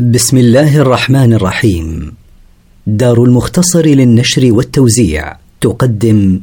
بسم الله الرحمن الرحيم دار المختصر للنشر والتوزيع تقدم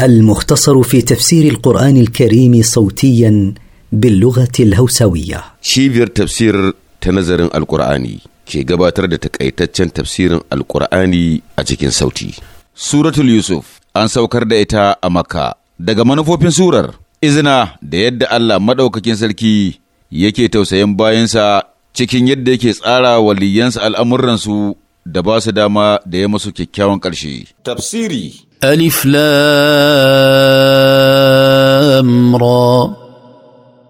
المختصر في تفسير القرآن الكريم صوتيا باللغة الهوسوية شيفير تفسير تنظر القرآني كي قباتر تكأيتتشن تفسير القرآني أجيكين صوتي سورة اليوسف أن سوكر دائتا أمكا daga manufofin surar izina da yadda Allah maɗaukakin sarki yake tausayin bayansa cikin yadda yake tsara waliyansa al'amuransu da ba su dama da ya masu kyakkyawan ƙarshe. Tafsiri Alif Lamra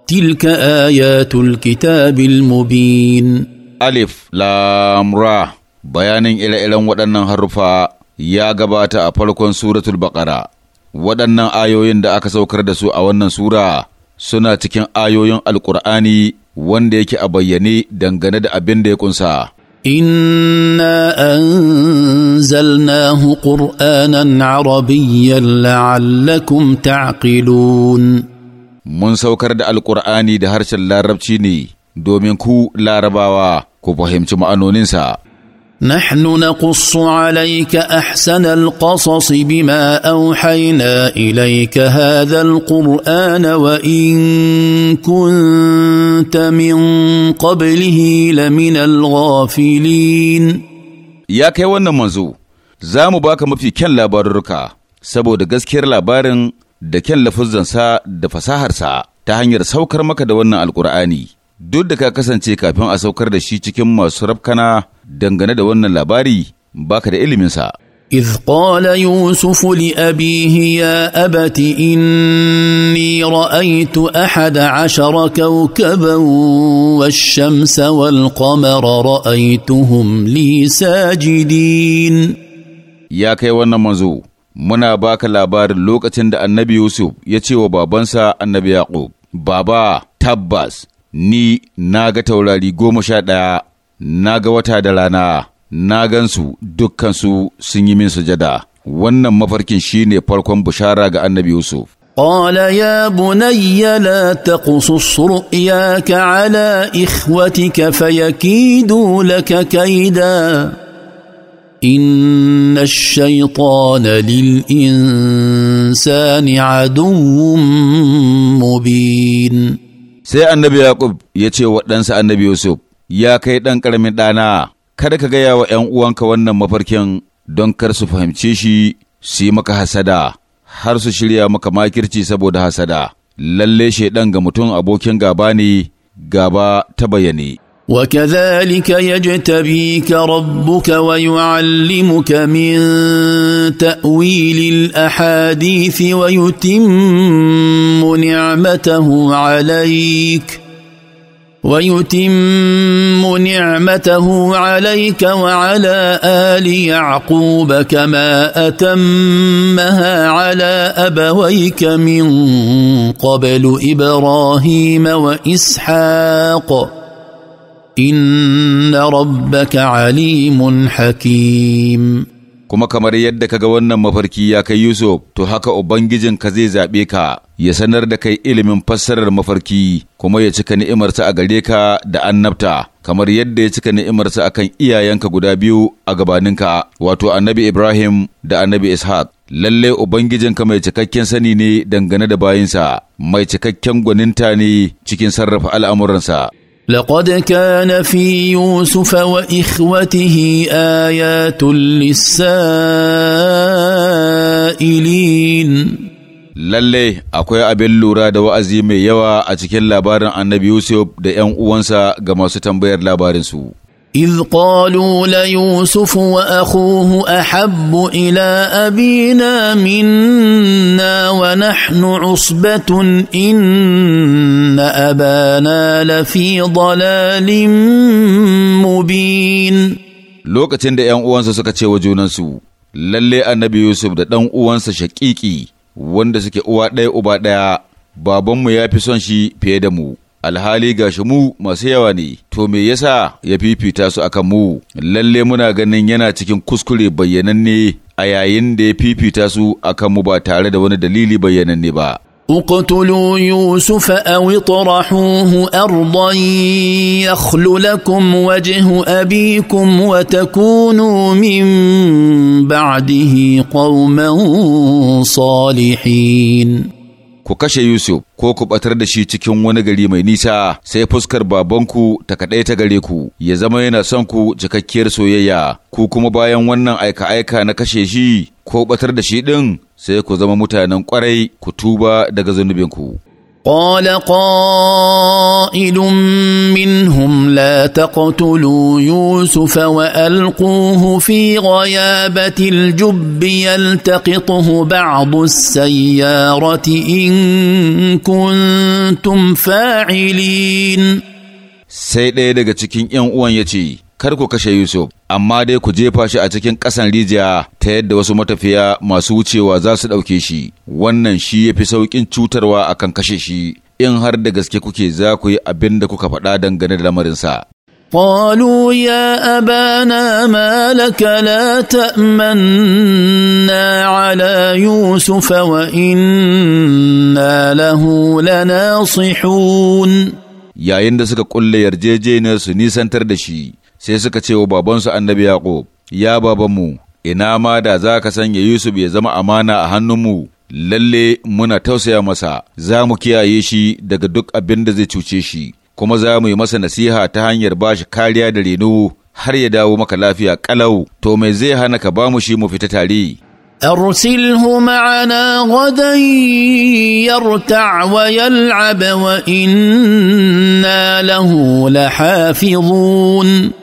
Tilka ayatul kitabil mubin Alif Lamra bayanin ire-iren waɗannan haruffa ya gabata a farkon suratul baƙara. Waɗannan ayoyin da aka saukar da su a wannan sura suna cikin ayoyin Alƙur'ani wanda yake a bayyane dangane da abin da ya kunsa. Inna anzalnahu Qur'anan Arabiyyan la'allakum ta'qilun. Mun saukar da Alƙur'ani da harshen Larabci ne domin ku Larabawa ku fahimci ma'anoninsa. نحن نقص عليك احسن القصص بما اوحينا اليك هذا القران وان كنت من قبله لمن الغافلين يا kai wannan manzo za mu baka mafi kyan labarurruka saboda gaskiyar labarin da kyan lafuzzansa da fasaharsa ta hanyar saukar maka da wannan alkur'ani duk da ka kasance kafin a saukar da shi cikin masu rafkana dangane da wannan labari baka da iliminsa. إذ قال يوسف لأبيه يا أبت إني رأيت أحد عشر كوكبا والشمس والقمر رأيتهم لي ساجدين يا كي منزو muna baka labarin lokacin da annabi Yusuf ya ce wa babansa annabi Yaƙub, Baba, tabbas, Ni na ga taurari goma sha ɗaya, na ga wata da rana, na gansu dukkansu sun yi min sujada. Wannan mafarkin shi ne farkon bushara ga annabi Yusuf. قال يا بني لا تقصص رؤياك على إخوتك فيكيدوا لك كيدا إن الشيطان للإنسان عدو مبين sai annabi Yaƙub ya ce wa ɗansa annabi Yusuf, Ya kai ɗan ƙaramin ɗana, kada ka gaya wa ’yan uwanka wannan mafarkin don kar su fahimce shi su yi maka hasada, har su shirya maka makirci saboda hasada, lalle shaiɗan ga mutum abokin gaba ne, gaba ta bayani. وكذلك يجتبيك ربك ويعلمك من تاويل الاحاديث ويتم نعمته عليك ويتم نعمته عليك وعلى ال يعقوب كما اتمها على ابويك من قبل ابراهيم واسحاق إن ربك عليم حكيم kuma kamar yadda kaga wannan mafarki ya kai Yusuf to haka ubangijin ka zai zaɓe ka ya sanar da kai ilimin fassarar mafarki kuma ya cika ni'imarsa a gare ka da annabta kamar yadda ya cika ni'imarsa akan iyayenka guda biyu a gabaninka wato annabi Ibrahim da annabi Ishaq lalle ubangijinka mai cikakken sani ne dangane da bayinsa mai cikakken gwaninta ne cikin sarrafa al'amuransa لقد كان في يوسف واخوته ايات للسائلين lalle akwai abin lura da wa'azi mai yawa a cikin labarin annabi yusuf da 'yan uwansa ga masu tambayar labarinsu اذ قالوا ليوسف واخوه احب الى ابينا منا ونحن عصبه ان ابانا لفي ضلال مبين lokacin da ‘yan uwansa suka ce wa junansu, lalle annabi Yusuf da ɗan uwansa shaƙiƙi wanda suke uwa ɗaya uba ɗaya, babanmu ya fi son shi fiye da mu. alhali ga shi mu masu yawa ne to me yasa ya fifita su akan mu lalle muna ganin yana cikin kuskure bayyananne a yayin da ya fifita su akan mu ba tare da wani dalili bayyananne ba اقتلوا يوسف او اطرحوه ارضا يخل لكم وجه wata وتكونوا من بعده قوما صالحين ku kashe Yusuf ko ku batar da shi cikin wani gari mai nisa sai fuskar babanku ta kaɗai ta gare ku ya zama yana son ku cikakkiyar soyayya ku kuma bayan wannan aika-aika na kashe shi ko batar da shi ɗin sai ku zama mutanen ƙwarai ku tuba daga zunubinku. قال قائل منهم لا تقتلوا يوسف والقوه في غيابه الجب يلتقطه بعض السياره ان كنتم فاعلين sai ɗaya daga cikin ‘yan kar ku kashe Yusuf, amma dai ku jefa shi a cikin ƙasan rijiya ta yadda wasu matafiya masu wucewa za su ɗauke shi, wannan shi ya fi sauƙin cutarwa akan kashe shi, in har da gaske kuke za ku yi abin da kuka faɗa dangane da lamarinsa. قالوا يا أبانا ما لك لا تأمنا على يوسف وإنا له لناصحون yayin da suka kulle yarjejeniyar su nisantar da shi sai suka ce wa babansu annabi Yaƙub, Ya babanmu, ina ma da za ka sanya Yusuf ya zama amana a hannunmu, lalle muna tausaya masa, za mu kiyaye shi daga duk abin da zai cuce shi, kuma za mu yi masa nasiha ta hanyar ba shi kariya da reno har ya dawo maka lafiya ƙalau, to mai zai hana ka ba mu shi mu fita tare. أرسله معنا غدا يرتع ويلعب وإنا له لحافظون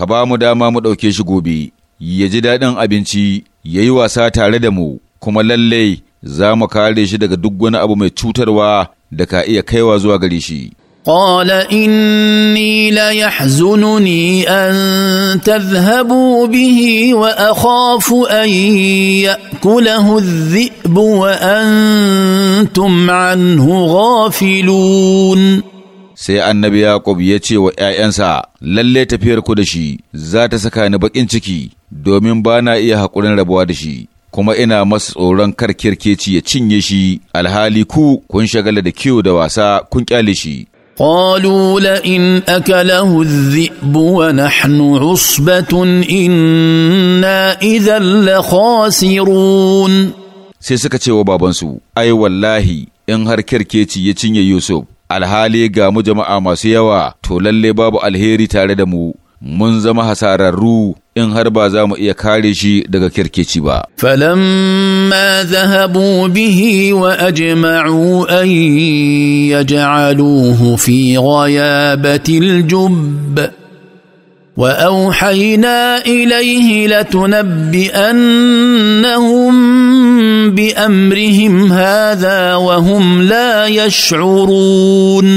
ka ba mu dama mu ɗauke shi gobe, ya ji daɗin abinci, ya yi wasa tare da mu, kuma lallai za mu kare shi daga duk wani abu mai cutarwa da ka iya kaiwa zuwa gare shi. قال اني ليحزنني أن تذهبوا به وأخاف أن يأكله الذئب وأنتم عنه غافلون sai annabi Yaƙub ya ce wa ‘ya'yansa, lalle tafiyar ku da shi za ta saka ni baƙin ciki domin ba na iya haƙurin rabuwa da shi, kuma ina masa tsoron kar kirkeci ya cinye shi alhali ku kun shagala da kiwo da wasa kun ƙyale shi. قالوا لئن اكله الذئب ونحن عصبه انا اذا لخاسرون sai suka ce wa babansu ai wallahi in har kirkeci ya cinye yusuf alhali ga mu jama'a masu yawa to lalle babu alheri tare da mu mun zama hasararru in har ba za mu iya kare shi daga kirkeci ba. Falamma zahabu bihi wa ajma'u an yaj'aluhu fi ghayabatil jubb وأوحينا إليه لتنبئنهم بأمرهم هذا وهم لا يشعرون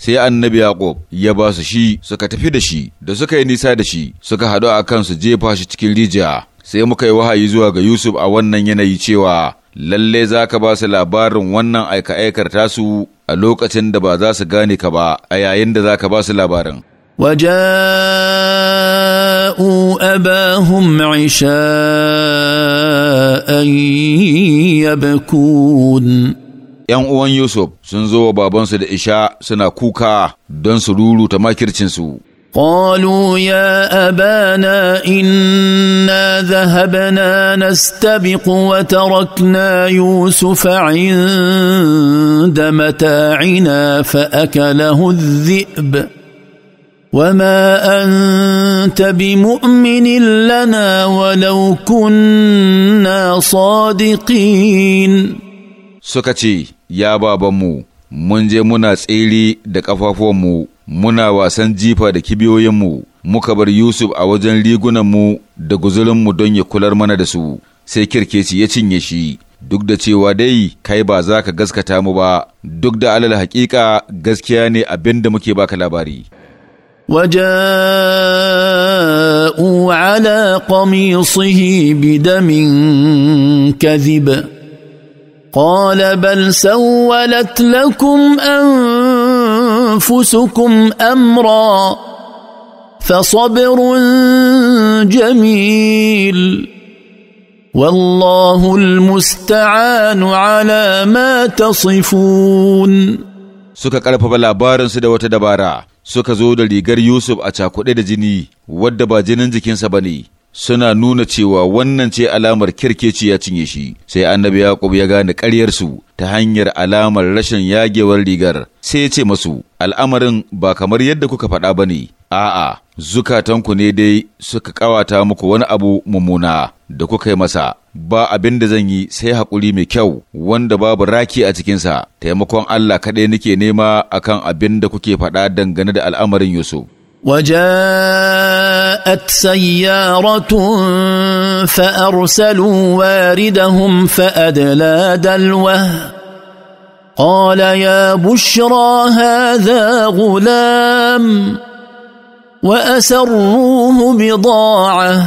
sai annabi Yaƙob ya ba su shi suka tafi da shi da suka yi nisa da shi suka haɗu a kan su jefa shi cikin rijiya sai muka yi wahayi zuwa ga Yusuf a wannan yanayi cewa lalle za ka ba su labarin wannan aika-aikar tasu a lokacin da ba za su gane ka ba a yayin da za ka ba su labarin. وجاءوا اباهم عشاء يبكون ‘Yan uwan Yusuf sun zo wa babansu da Isha suna kuka don su ruruta makircinsu. قالوا يا أبانا إنا ذهبنا نستبق وتركنا يوسف عند متاعنا فأكله الذئب' وما انت بمؤمن لنا ولو كنا صادقين suka ce ya babanmu mun je muna tsere da mu, muna wasan jifa da kibiyoyinmu muka bar yusuf a wajen rigunan mu da guzurinmu don ya kular mana da su sai kirkeci ya cinye shi duk da cewa dai kai ba za ka gaskata mu ba duk da alal hakika gaskiya ne abinda muke baka labari وجاءوا على قميصه بدم كذب قال بل سولت لكم انفسكم امرا فصبر جميل والله المستعان على ما تصفون suka ƙarfafa labarinsu da wata dabara suka zo da rigar Yusuf a cakuɗe da jini wadda ba jinin jikinsa ba ne. suna nuna cewa wannan ce alamar kirkeci ya cinye shi sai annabi yaqub ya gane ƙaryarsu ta hanyar alamar rashin yagewar rigar sai ya ce masu al'amarin ba kamar yadda kuka faɗa ba ne a'a zukatanku ne dai suka ƙawata muku wani abu mummuna da kuka yi masa ba abin da zan yi sai haƙuri mai kyau wanda babu raki a cikinsa taimakon allah kaɗai nake nema akan abin da kuke faɗa dangane da al'amarin yusuf وجاءت سياره فارسلوا واردهم فادلى دلوه قال يا بشرى هذا غلام واسروه بضاعه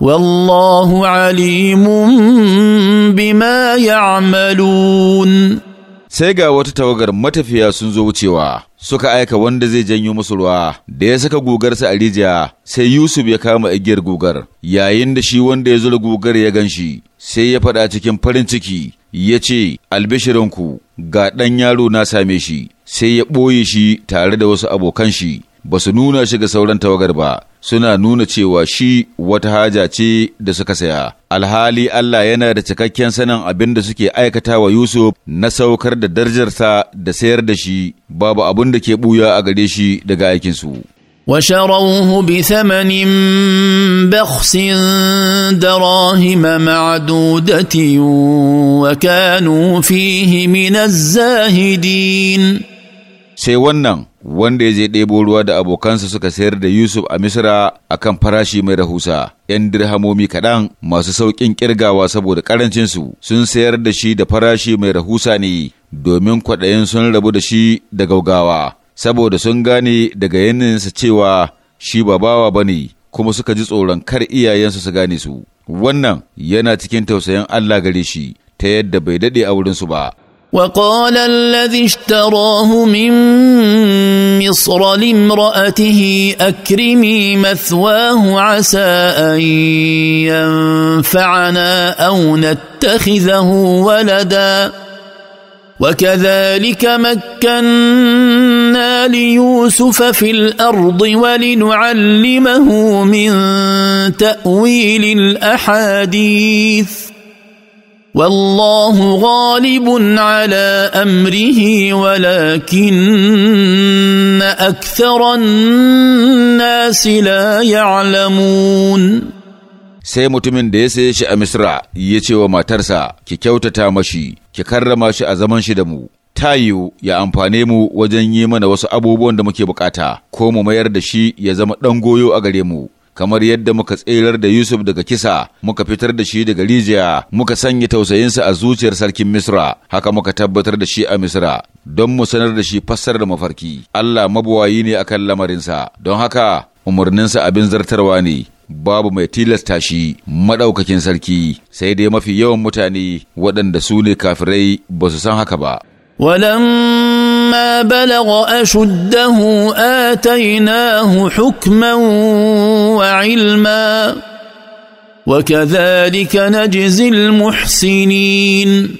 والله عليم بما يعملون sai ga wata tawagar matafiya sun zo wucewa suka aika wanda zai janyo musu ruwa da ya saka gugarsa a rijiya sai yusuf ya kama igiyar gugar yayin da shi wanda ya zura gugar ya gan shi sai ya faɗa cikin farin ciki ya ce albishirinku ga ɗan yaro na same shi sai ya ɓoye shi tare da wasu abokan shi ba su nuna shi ga sauran tawagar ba suna nuna cewa shi wata haja ce da suka saya. Alhali Allah yana da cikakken sanin abin da suke aikata wa Yusuf na saukar da darajarsa da sayar da shi, babu abin da ke buya a gare shi daga aikinsu. وشروه بثمن بخس دراهم معدودة وكانوا فيه من الزاهدين sai wannan wanda ya je ɗebo ruwa da abokansa suka sayar da Yusuf a Misra a kan farashi mai rahusa, ‘yan dirhamomi kaɗan masu sauƙin ƙirgawa saboda ƙarancinsu sun sayar da shi da farashi mai rahusa ne domin kwaɗayin sun rabu da shi da gaugawa, saboda sun gane daga yanayinsa cewa shi ba bawa ba ne, kuma suka ji tsoron kar iyayensu su gane su. Wannan yana cikin tausayin Allah gare shi ta yadda bai daɗe a wurinsu ba. وقال الذي اشتراه من مصر لامرأته أكرمي مثواه عسى أن ينفعنا أو نتخذه ولدا وكذلك مكنا ليوسف في الأرض ولنعلمه من تأويل الأحاديث والله غالب على امره ولكن اكثر الناس لا يعلمون sai mutumin da ya saye shi a misra ya ce wa matarsa ki kyautata mashi ki karrama shi a zaman shi da mu ta yiwu ya amfane mu wajen yi mana wasu abubuwan da muke bukata ko mu mayar da shi ya zama ɗan goyo a gare mu kamar yadda muka tserar da Yusuf daga kisa, muka fitar da shi daga rijiya, muka sanya tausayinsa a zuciyar sarkin Misra, haka muka tabbatar da shi a Misra, don mu sanar da shi fassarar mafarki. Allah mabuwayi ne akan lamarinsa, don haka umarninsa abin zartarwa ne. Babu mai tilasta shi maɗaukakin sarki, sai dai mafi yawan mutane waɗanda su ne kafirai ba su san haka ba. ولما بلغ اشده اتيناه حكما وعلما وكذلك نجزي المحسنين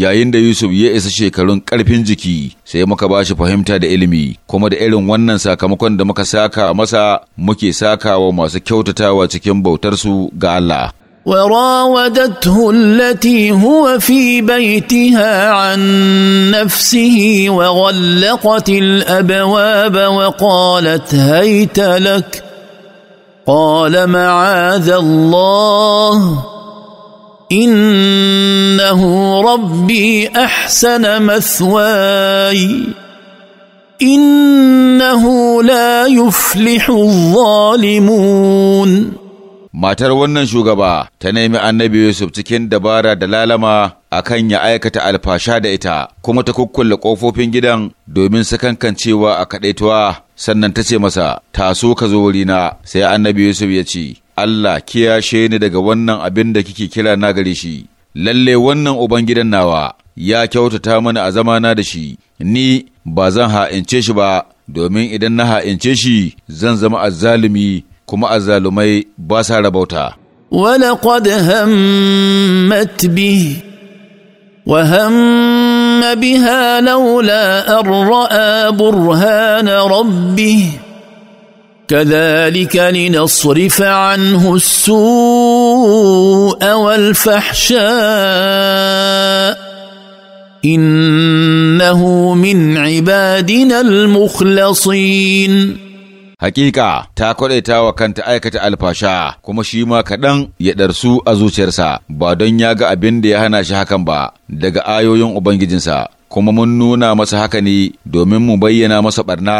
yayin da Yusuf ya isa shekarun ƙarfin jiki sai muka ba shi fahimta da ilimi kuma da irin wannan sakamakon da muka saka masa muke sakawa masu kyautatawa cikin bautarsu ga Allah وراودته التي هو في بيتها عن نفسه وغلقت الابواب وقالت هيت لك قال معاذ الله انه ربي احسن مثواي انه لا يفلح الظالمون matar wannan shugaba ta nemi annabi Yusuf cikin dabara da lalama a kan ya aikata alfasha da ita kuma ta kukkulle kofofin gidan domin sakankancewa a kaɗaituwa sannan ta ce masa taso ka zo wurina sai annabi Yusuf ya ce Allah kiyashe ni daga wannan abin da kike kira na gare shi lalle wannan uban gidan nawa ya kyautata mana a zamana da shi ni ba zan ha'ince shi ba domin idan na ha'ince shi zan zama azzalumi kuma azzalumai ba sa rabauta. ولقد همت به وهم بها لولا أن رأى برهان rabbi, كذلك لنصرف عنه السوء والفحشاء إنه من عبادنا المخلصين hakika ta kwadaita wa kanta aikata alfasha kuma shi ma kaɗan ya ɗarsu a zuciyarsa ba don ya ga abin da ya hana shi hakan ba daga ayoyin ubangijinsa kuma mun nuna masa haka ne domin mu bayyana masa ɓarna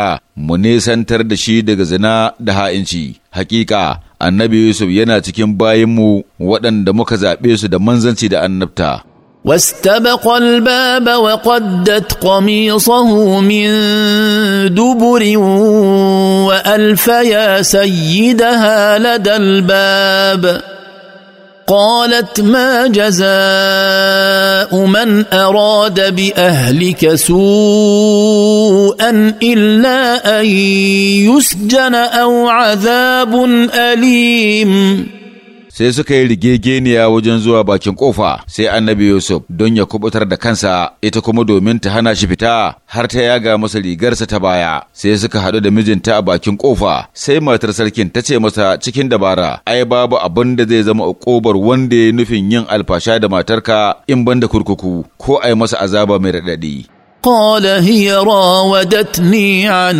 mu nisantar da shi daga zina da ha'inci hakika annabi yusuf yana cikin bayinmu waɗanda muka zaɓe su da manzanci da annabta واستبق الباب وقدت قميصه من دبر والف يا سيدها لدى الباب قالت ما جزاء من اراد باهلك سوءا الا ان يسجن او عذاب اليم sai suka yi rigegeniya wajen zuwa bakin kofa sai annabi Yusuf don ya kubutar da kansa ita kuma domin ta hana shi fita har ta yaga masa rigarsa ta baya sai suka haɗu da mijinta a bakin kofa sai matar sarkin ta ce masa cikin dabara ai babu abin da zai zama ƙobar wanda ya nufin yin alfasha da matarka in banda kurkuku ko ai masa azaba mai raɗaɗi. قال هي راودتني عن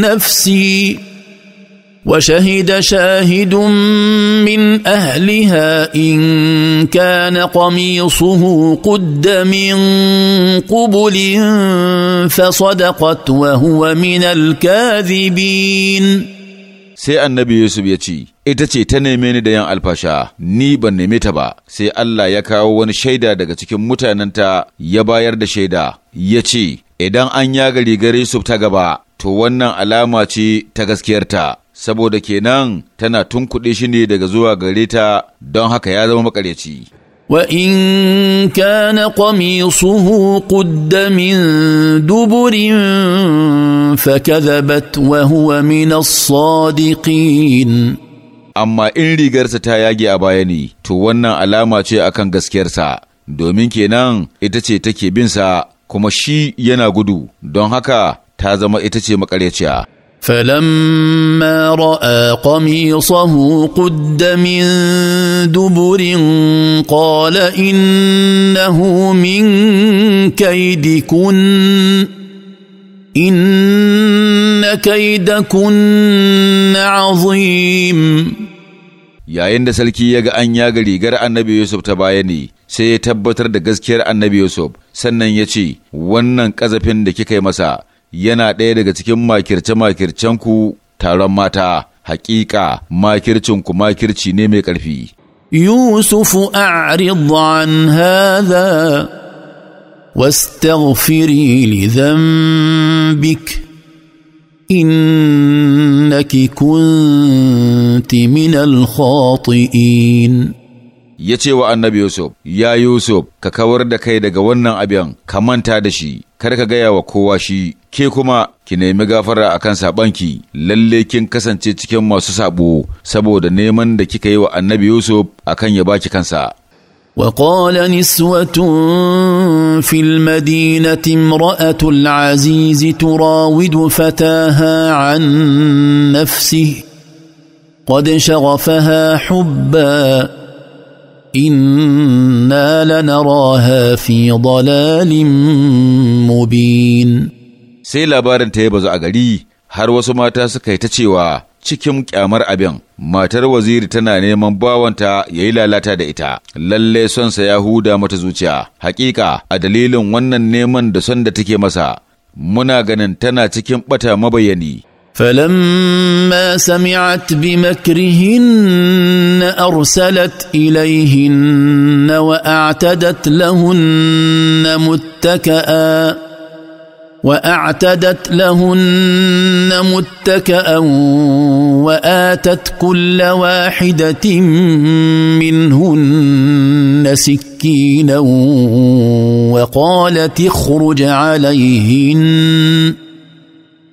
نفسي وشهد شاهد من اهلها ان كان قميصه قد من قبل فصدقت وهو من الكاذبين sai annabi Yusuf ya ce, Ita ce ta neme ni da yan alfasha, ni ban neme ta ba, sai Allah ya kawo wani shaida daga cikin mutanenta ya bayar da shaida, ya ce, Idan an yaga rigar Yusuf ta gaba, to wannan alama ce ta gaskiyarta, saboda kenan tana tunkuɗe shi ne daga zuwa gare ta don haka ya zama makaryaci. وان كان قميصه قد duburin, دبر فكذبت وهو من Sadiqin. amma in rigarsa ta yage a baya ne to wannan alama ce akan gaskiyarsa domin kenan ita ce take binsa kuma shi yana gudu don haka ta zama ita ce makaryaciya فلما راى قميصه قد من دبر قال انه من كيدكن ان كيدكن عظيم yayin da sarki ya ga an ga rigar annabi yusuf ta baya ne sai ya tabbatar da gaskiyar annabi yusuf sannan ya ce wannan ƙazafin da kika yi masa yana ɗaya daga cikin makirce-makircenku taron mata, hakika makircinku makirci ne mai ƙarfi. يوسف أعرض عن هذا in لذنبك إنك كنت من الخاطئين ya ce wa annabi Yusuf, Ya Yusuf, ka kawar da kai daga wannan abin, ka manta da shi, kar ka gaya wa kowa shi, ke kuma ki nemi gafara akan sabanki lalle kin kasance cikin masu sabo saboda neman da kika yi wa annabi yusuf akan ya baki kansa وقال نسوة في المدينة امرأة العزيز تراود فتاها عن نفسه قد شغفها حبا إنا لنراها في ضلال مبين sai labarin ta ya bazu a gari har wasu mata suka yi ta cewa cikin kyamar abin matar waziri tana neman bawanta ya yi lalata da ita lalle sonsa ya huda mata zuciya hakika a dalilin wannan neman da son da take masa muna ganin tana cikin bata mabayani فلما سمعت بمكرهن ارسلت اليهن واعتدت لهن متكئا واعتدت لهن متكئا واتت كل واحده منهن سكينا وقالت اخرج عليهن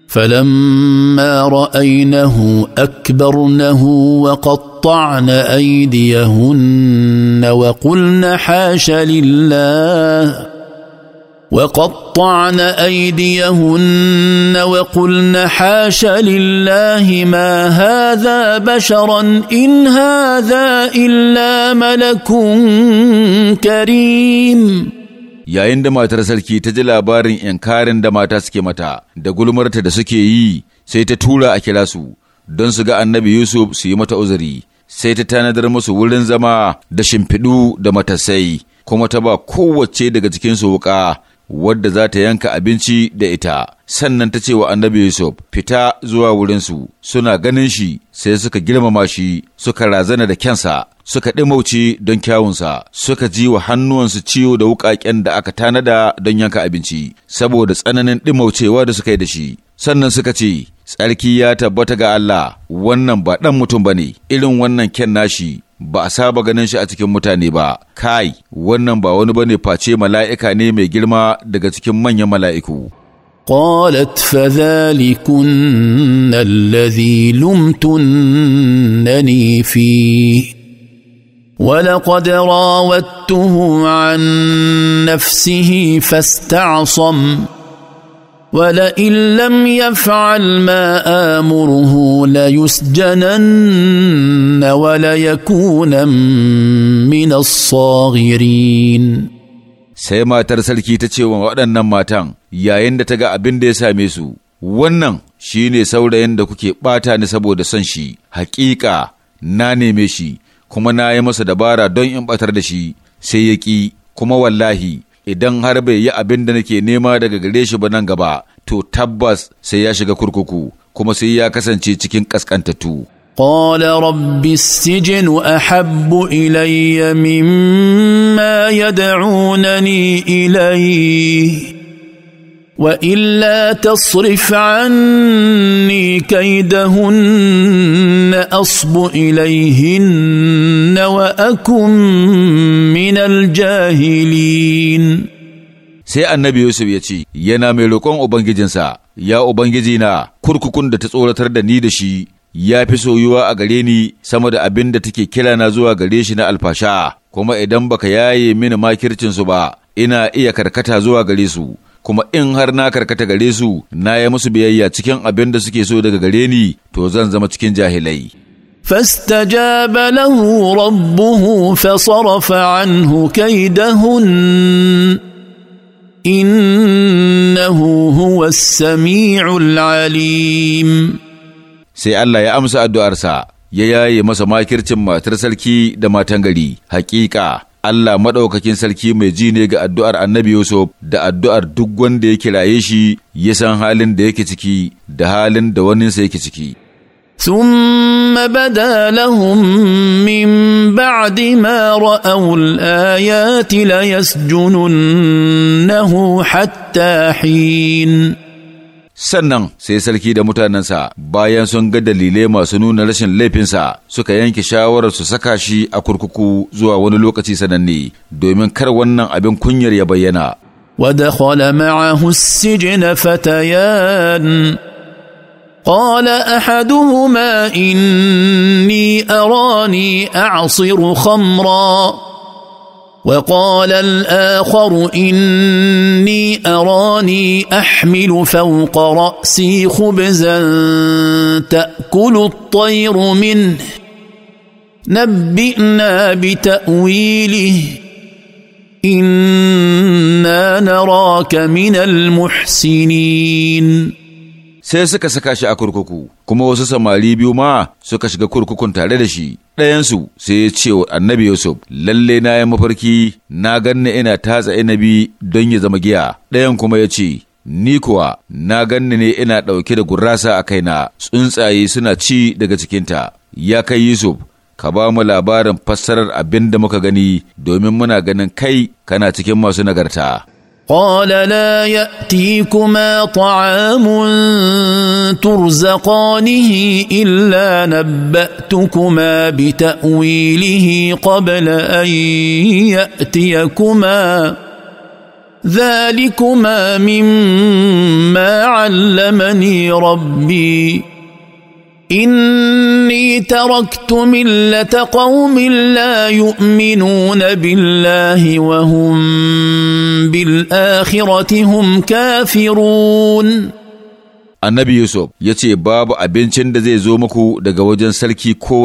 فلما راينه اكبرنه وقطعن ايديهن وقلن حاش لله وقطعن ايديهن وقلن حاش لله ما هذا بشرا ان هذا الا ملك كريم yayin da matar sarki ta ji labarin yankarin da mata suke mata da gulmarta da suke yi sai ta tura a kira su don su ga annabi yusuf su yi mata uzuri sai ta tanadar musu wurin zama da shimfiɗu da matasai kuma ta ba kowace daga cikinsu wuƙa wadda za ta yanka abinci da ita, sannan ta ce wa annabi Yusuf, fita zuwa wurinsu, suna ganin shi sai suka girmama shi, suka razana da kyansa, suka ɗimauci don kyawunsa, suka ji wa hannuwansu ciwo da wuƙaƙen da aka tanada don yanka abinci, saboda tsananin ɗimaucewa da suka yi da shi. Sannan suka ce, Tsarki ya tabbata ga Allah, wannan ba ɗan mutum ba ne, irin wannan kyan nashi ba a saba ganin shi a cikin mutane ba kai wannan ba wani bane face mala'ika ne mai girma daga cikin manyan mala'iku قالت فذلكن الذي لمتنني فيه ولقد راودته عن نفسه فاستعصم ولئن لم يفعل ما امره ليسجنن وليكون من الصاغرين sai matar sarki ta ce wa waɗannan matan yayin da ta ga abin da ya same su wannan shi ne saurayin da kuke ɓata ni saboda son shi haƙiƙa na neme shi kuma na yi masa dabara don in ɓatar da shi sai ya ƙi kuma wallahi idan har bai yi abin da nake nema daga gare shi ba nan gaba to tabbas sai ya shiga kurkuku kuma sai ya kasance cikin kaskantattu قال رب السجن أحب إلي مما يدعونني إليه والا تصرف عني كيدهن اصب اليهن واكن من الجاهلين sai annabi Yusuf ya ce, Yana mai roƙon Ubangijinsa, ya Ubangijina, kurkukun da ta tsoratar da ni da shi, ya fi soyuwa a gare ni sama da abin da take kira na zuwa gare shi na alfasha, kuma idan baka yaye mini makircinsu ba, ina iya karkata zuwa gare su. kuma in har na karkata gare su na ya musu biyayya cikin abin da suke so daga gare ni to zan zama cikin jahilai فاستجاب rabbuhu ربه فصرف عنه كيدهن انه هو السميع العليم sai Allah ya amsa addu'arsa ya yaye masa makircin matar sarki da matan gari hakika Allah maɗaukakin sarki mai ji ne ga addu'ar annabi Yusuf da addu'ar duk wanda ya kiraye shi ya san halin da yake ciki da halin da waninsa yake ciki. ثم بدا لهم من بعد ما رأوا الآيات ليسجننه حتى حين sannan sai sarki da mutanensa bayan sun ga dalilai masu nuna rashin laifinsa suka yanke shawarar su saka shi a kurkuku zuwa wani lokaci sananne domin kar wannan abin kunyar ya bayyana ودخل معه السجن فتيان قال احدهما اني اراني اعصر خمرا وقال الاخر اني اراني احمل فوق راسي خبزا تاكل الطير منه نبئنا بتاويله انا نراك من المحسنين sai suka saka shi a kurkuku kuma wasu samari biyu ma suka shiga kurkukun tare da shi ɗayansu sai ya ce wa annabi Yusuf, lalle na yi mafarki na ganna ina tatsa inabi don ya zama giya, ɗayan kuma ya ce, Ni kuwa na ganni ne ina ɗauke da gurasa a kaina, tsuntsaye suna ci daga cikinta, ya kai Yusuf, ka ba mu labarin fassarar abin da muka gani domin muna ganin kai kana cikin masu nagarta. قال لا ياتيكما طعام ترزقانه الا نباتكما بتاويله قبل ان ياتيكما ذلكما مما علمني ربي اني تركت مله قوم لا يؤمنون بالله وهم بالاخره هم كافرون annabi yusuf ya ce babu abincin da zai zo muku daga wajen sarki ko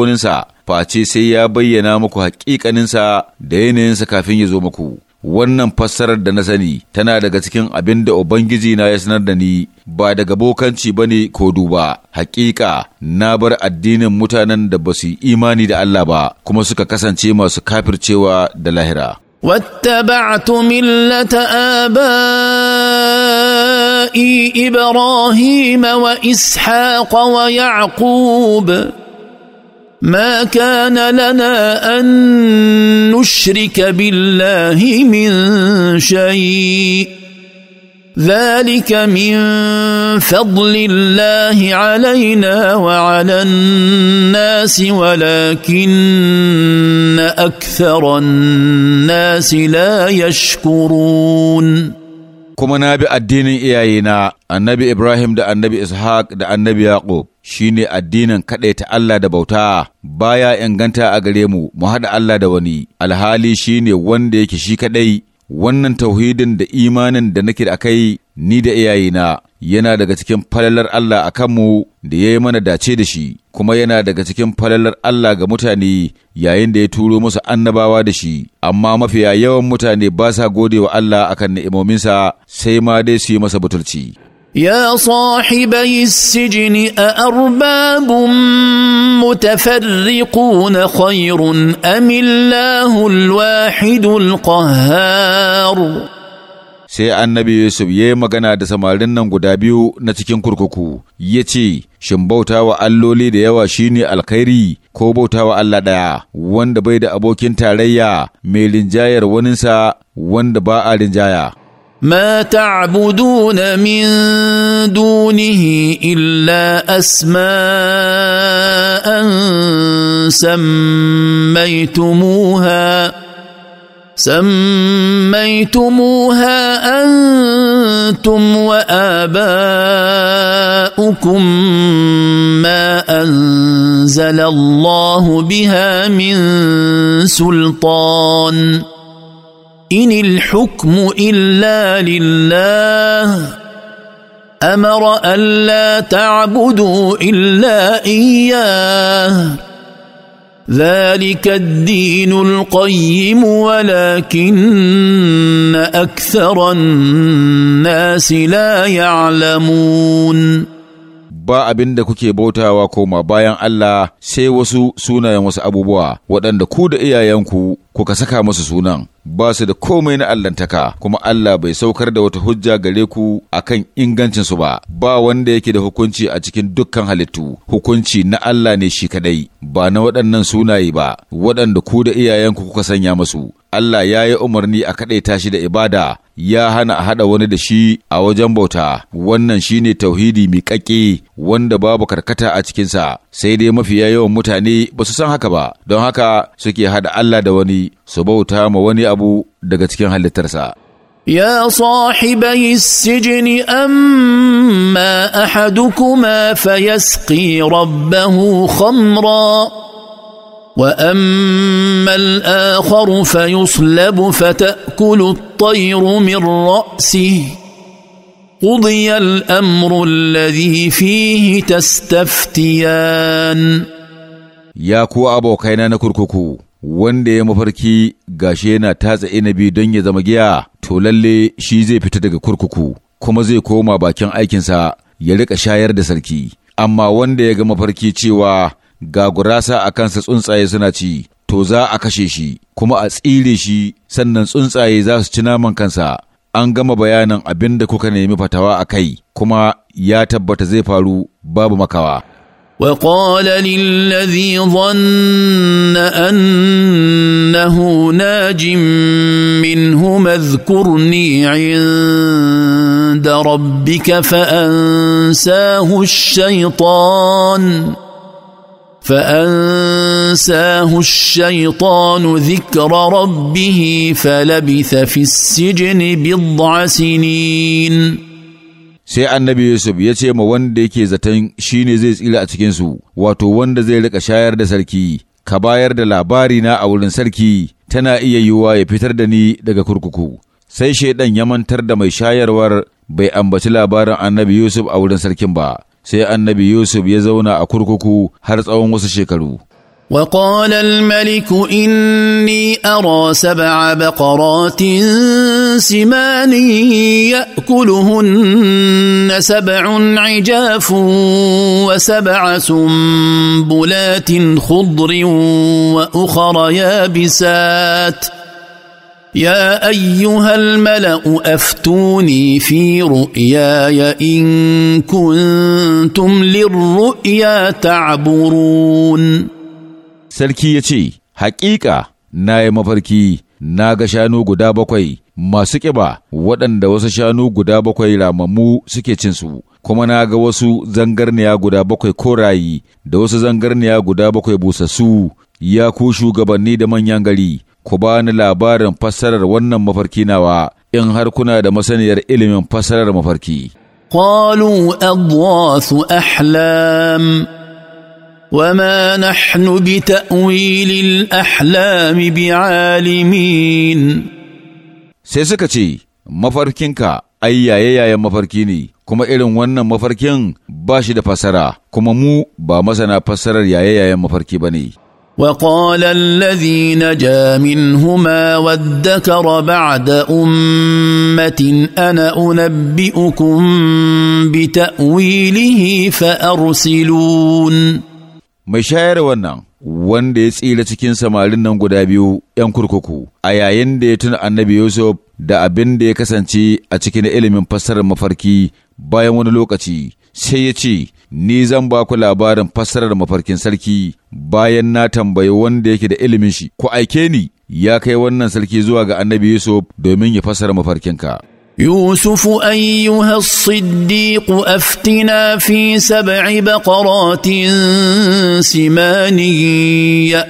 face sai ya bayyana muku hakikaninsa da yanayinsa kafin ya zo muku wannan fassarar da na sani tana daga cikin abin da Ubangiji na ya sanar da ni ba daga bokanci ba ne ko duba, hakika na bar addinin mutanen da ba su imani da Allah ba kuma suka kasance masu kafircewa da lahira. واتبعت مله wa ابراهيم wa ويعقوب ما كان لنا ان نشرك بالله من شيء ذلك من فضل الله علينا وعلى الناس ولكن اكثر الناس لا يشكرون كما نبي الدين addinin النبي ابراهيم ibrahim النبي اسحاق ishaq النبي يعقوب shi ne addinin ta Allah da bauta baya inganta a gare mu mu haɗa Allah da wani alhali shi ne wanda yake shi kaɗai wannan tauhidin da imanin da nake da kai, ni da iyayena yana daga cikin falalar Allah a kanmu da ya yi mana dace da shi kuma yana daga cikin falalar Allah ga mutane yayin da ya turo musu annabawa da shi amma mafiya yawan mutane ba sa gode wa Allah akan ni'imominsa sai ma dai su yi masa butulci يا صاحبي السجن أأرباب متفرقون خير أم الله الواحد القهار sai annabi Yusuf ya yi magana da samarin nan guda biyu na cikin kurkuku ya ce, Shin bauta wa alloli da yawa shine alkhairi ko bauta wa Allah ɗaya wanda bai da abokin tarayya mai rinjayar waninsa wanda ba a rinjaya. ما تعبدون من دونه الا اسماء سميتموها سميتموها انتم واباؤكم ما انزل الله بها من سلطان ان الحكم الا لله امر الا تعبدوا الا اياه ذلك الدين القيم ولكن اكثر الناس لا يعلمون ba abin da kuke bautawa koma bayan Allah sai wasu sunayen wasu abubuwa waɗanda ku da iyayenku kuka saka musu sunan ba su da komai na allantaka kuma Allah bai saukar da wata hujja gare ku akan ingancin su ba ba wanda yake da hukunci a cikin dukkan halittu hukunci na Allah ne shi kadai ba na waɗannan sunaye ba waɗanda ku da iyayenku kuka sanya masu Allah ya yi umarni a kaɗaita shi da ibada ya hana a haɗa wani da shi a wajen bauta wannan shine tauhidi miƙaƙe wanda babu karkata a cikinsa sai dai mafiya yawan mutane ba su san haka ba don haka suke haɗa Allah da wani su bauta ma wani abu daga cikin halittarsa. يا صاحبي السجن أما أحدكما فيسقي ربه خمرًا واما الاخر فيصلب فتاكل الطير من راسه قضي الامر الذي فيه تستفتيان يا كو ابو كاينا نكركوكو wanda ya mafarki gashe yana tatsa inabi don ya zama giya to lalle shi zai fita daga kurkuku kuma zai koma bakin aikinsa ya rika shayar da sarki amma wanda ya ga mafarki cewa ga gurasa a kansa tsuntsaye suna ci, to za a kashe shi, kuma a tsire shi, sannan tsuntsaye za su ci naman kansa. An gama bayanin abin da kuka nemi fatawa a kai, kuma ya tabbata zai faru babu makawa. وقال للذي ظن أنه ناج منه اذكرني عند ربك فأنساه الشيطان فانساه الشيطان ذكر ربه فلبث في السجن بضع سنين sai annabi Yusuf ya ce ma wanda yake zaton shine zai tsira a cikinsu, wato wanda zai rika shayar da sarki, ka bayar da labari na a wurin sarki tana iya yiwuwa ya fitar da ni daga kurkuku. Sai shaidan ya mantar da mai shayarwar bai ambaci labarin annabi Yusuf a wurin sarkin ba, sai annabi Yusuf ya zauna a kurkuku har tsawon wasu shekaru. وقال الملك إني أرى سبع بقرات سمان يأكلهن سبع عجاف وسبع سنبلات خضر وأخر يابسات ۖ يا ايها الملا افتوني في رؤياي ان كنتم للرؤيا تعبرون sarki ya ce haƙiƙa na yi mafarki na ga shanu guda bakwai masu ƙiba waɗanda wasu shanu guda bakwai ramamu suke su, kuma na ga wasu zangarniya guda bakwai korayi da wasu zangarniya guda bakwai busassu ya ku shugabanni da manyan gari ku ba ni labarin fassarar wannan mafarki nawa in har kuna da masaniyar ilimin fassarar mafarki. ma na أحلام bi نحن ahlami bi 'alimin sai suka ce mafarkinka ai yaye mafarki ne kuma irin wannan mafarkin ba shi da fassara kuma mu ba masana fassarar yaye mafarki ba ne وقال الذي نجا منهما وادكر بعد امه انا انبئكم بتاويله فارسلون mai shayar wannan wanda ya tsira cikin samarin nan guda biyu 'yan kurkuku a yayin da ya tuna annabi yusuf da abin da ya kasance a cikin ilimin fassarar mafarki bayan wani lokaci sai ya ce, Ni zan ba ku labarin fassarar mafarkin sarki bayan na tambayi wanda yake da ilimin shi, ku aike ni ya kai wannan sarki zuwa ga annabi Yusuf domin ya fassara mafarkinka. يوسف ايها الصديق افتنا في سبع بقرات سمان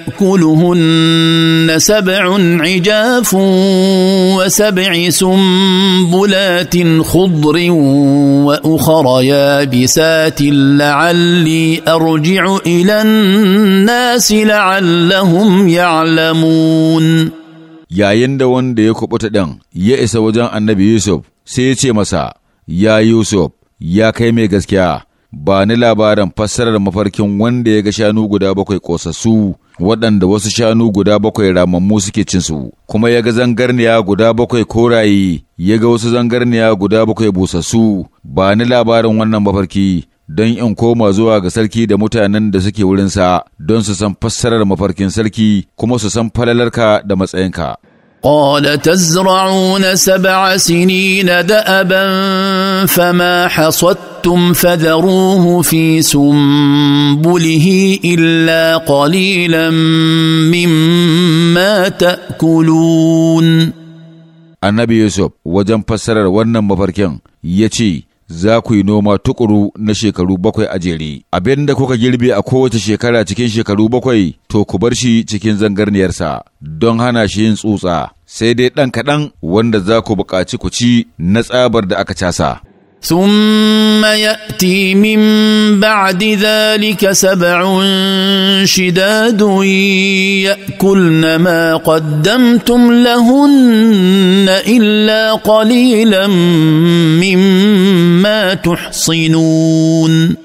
ياكلهن سبع عجاف وسبع سنبلات خضر واخر يابسات لعلي ارجع الى الناس لعلهم يعلمون yayin da wanda ya kubuta ɗin ya isa wajen annabi Yusuf sai ya ce masa, Ya Yusuf, ya kai mai gaskiya, ba ni labarin fassarar mafarkin wanda ya ga shanu guda bakwai ƙosassu waɗanda wasu shanu guda bakwai ramammu suke cinsu, kuma ya ga zangarniya guda bakwai koraye, ya ga wasu zangarniya guda bakwai busassu, ba ni labarin wannan mafarki, don in koma zuwa ga sarki da mutanen da suke wurinsa don su san fassarar mafarkin sarki kuma su san falalarka da matsayinka. قال تزرعون سبع سنين دأبا فما حصدتم فذروه في سنبله إلا قليلا مما تأكلون النبي يوسف وجن فسر ونن مفركين يتي za ku yi noma tukuru na shekaru bakwai a jere. Abin da kuka girbe a kowace shekara cikin shekaru bakwai, to ku bar shi cikin zangarniyarsa don hana shi yin tsutsa, sai dai ɗan kaɗan wanda za ku buƙaci ku ci na tsabar da aka casa. ثم ياتي من بعد ذلك سبع شداد ياكلن ما قدمتم لهن الا قليلا مما تحصنون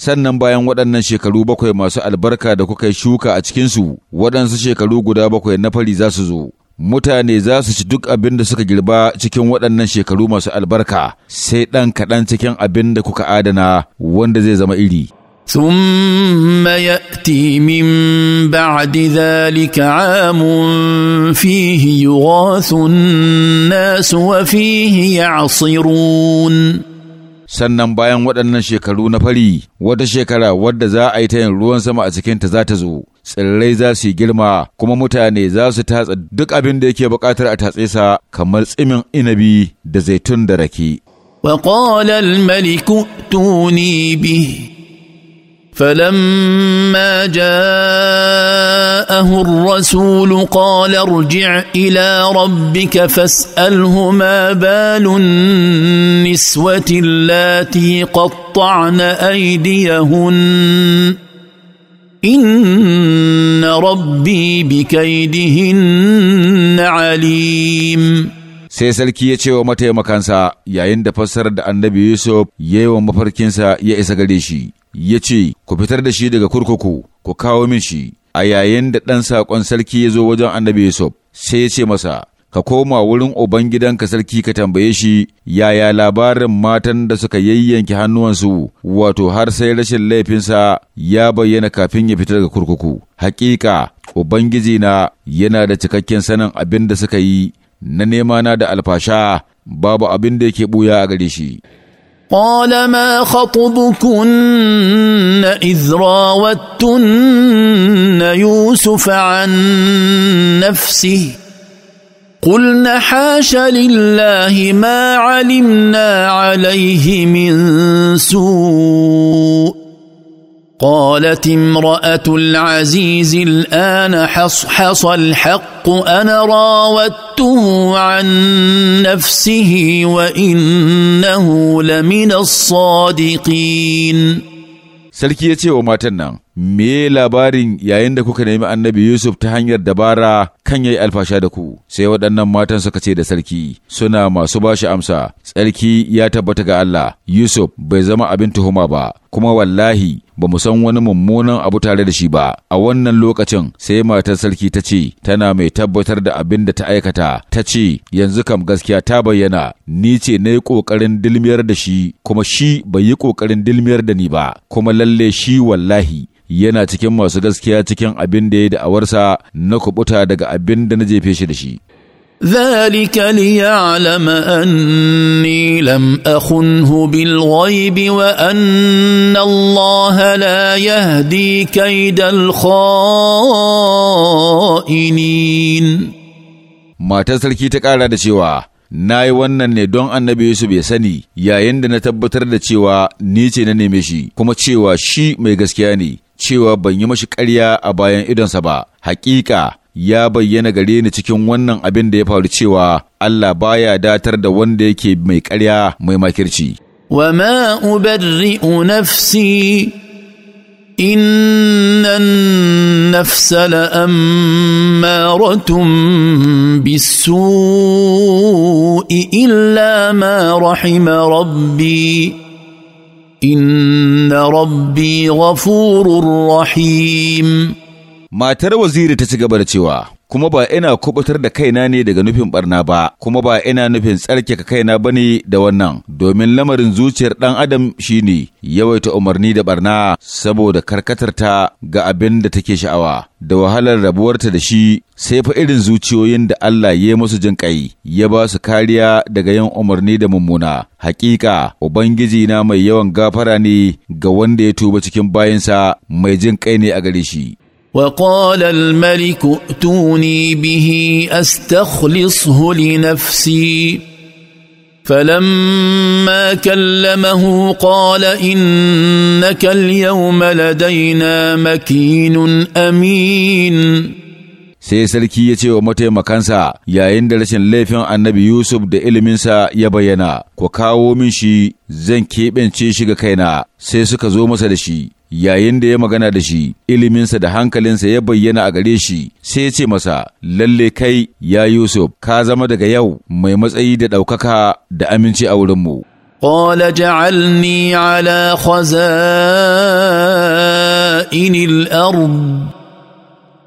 sannan bayan waɗannan shekaru bakwai masu albarka da kuka yi shuka a cikinsu waɗansu shekaru guda bakwai na fari za su zo mutane za su ci duk abin da suka girba cikin waɗannan shekaru masu albarka sai ɗan kaɗan cikin abin da kuka adana wanda zai zama iri. ثم ياتي من بعد ذلك عام فيه يغاث الناس وفيه يعصرون sannan bayan waɗannan shekaru na fari wata shekara wadda za a yi ta yin ruwan sama a cikinta za ta zo tsirrai za su yi girma kuma mutane za su tatsa duk abin da yake buƙatar a tatse sa kamar tsimin inabi da zaitun da rake. وقال الملك ائتوني به فلما جاءه الرسول قال ارجع الى ربك فاساله ما بال النسوه اللاتي قطعن ايديهن ربي بكيدهن عليم sai sarki ya ce wa mataimakansa yayin da fassarar da annabi Yusuf ya yi wa mafarkinsa ya isa gare shi, ya ce, Ku fitar da shi daga kurkuku, ku kawo min shi, a yayin da ɗan saƙon sarki ya zo wajen annabi Yusuf, sai ya ce masa, ka koma wurin ka sarki ka tambaye shi, yaya labarin matan da suka yayyanke hannuwansu, wato har sai rashin laifinsa ya bayyana kafin ya fita daga kurkuku. Hakika, Ubangiji na yana da cikakken sanin abin da suka yi, na nema na da alfasha, babu abin da yake buya a gare shi. قال ما خطبكن إذ راوتن يوسف عن نفسه قلنا حاش لله ما علمنا عليه من سوء قالت امراه العزيز الان حصحص الحق انا راودته عن نفسه وانه لمن الصادقين سلكيتي وماتنا me labarin yayin da kuka nemi annabi Yusuf ta hanyar dabara kan yayi alfasha da ku sai waɗannan matan suka ce da sarki suna masu ba shi amsa Sarki ya tabbata ga Allah Yusuf bai zama abin tuhuma ba kuma wallahi ba mu san wani mummunan abu tare da shi ba a wannan lokacin sai matar sarki ta ce tana mai tabbatar da abin da ta aikata ta ce yanzu kam gaskiya ta bayyana ni ce na yi ƙoƙarin dilmiyar da shi kuma shi bai yi ƙoƙarin dilmiyar da ni ba kuma lalle shi wallahi yana cikin masu gaskiya cikin abin da ya da'awarsa na kubuta daga abin da na jefe shi da shi. ذلك ليعلم أني لم أخنه ya وأن الله لا inin Matar Sarki ta تسلكي da cewa na yi wannan ne don annabi Yusuf ya sani yayin da na tabbatar da cewa ni ce na neme shi kuma cewa shi mai gaskiya ne cewa ban yi mashi ƙarya a bayan idonsa ba, haƙiƙa ya bayyana gare ni cikin wannan abin da ya faru cewa Allah baya datar da wanda yake mai ƙarya mai makirci. وما أبرئ نفسي إن النفس لأمارة bisu إلا ما رحم Rabbi. إن ربي غفور رحيم matar waziri ta ci gaba da cewa kuma ba ina kubutar da kaina ne daga nufin barna ba kuma ba ina nufin tsarkake kaina ba ne da wannan domin lamarin zuciyar ɗan adam shine yawaita umarni da barna saboda karkatarta ga abin da take sha'awa da wahalar rabuwarta da shi sai fa irin zuciyoyin da Allah ya musu jin kai ya ba su kariya daga yin umarni da mummuna hakika ubangiji na mai yawan gafara ne ga wanda ya tuba cikin bayansa mai jin kai ne a gare shi وقال الملك ائتوني به استخلصه لنفسي فلما كلمه قال انك اليوم لدينا مكين امين sai sarki ya ce wa mataimakansa yayin da rashin laifin annabi Yusuf da iliminsa ya bayyana, ku kawo min shi zan keɓance shi ga kaina, sai suka zo masa da shi. Yayin da ya magana da shi, iliminsa da hankalinsa ya bayyana a gare shi, sai ce masa, lalle kai, ya Yusuf, ka zama daga yau mai matsayi da ɗaukaka da aminci a wurinmu. قال جعلني على خزائن الأرض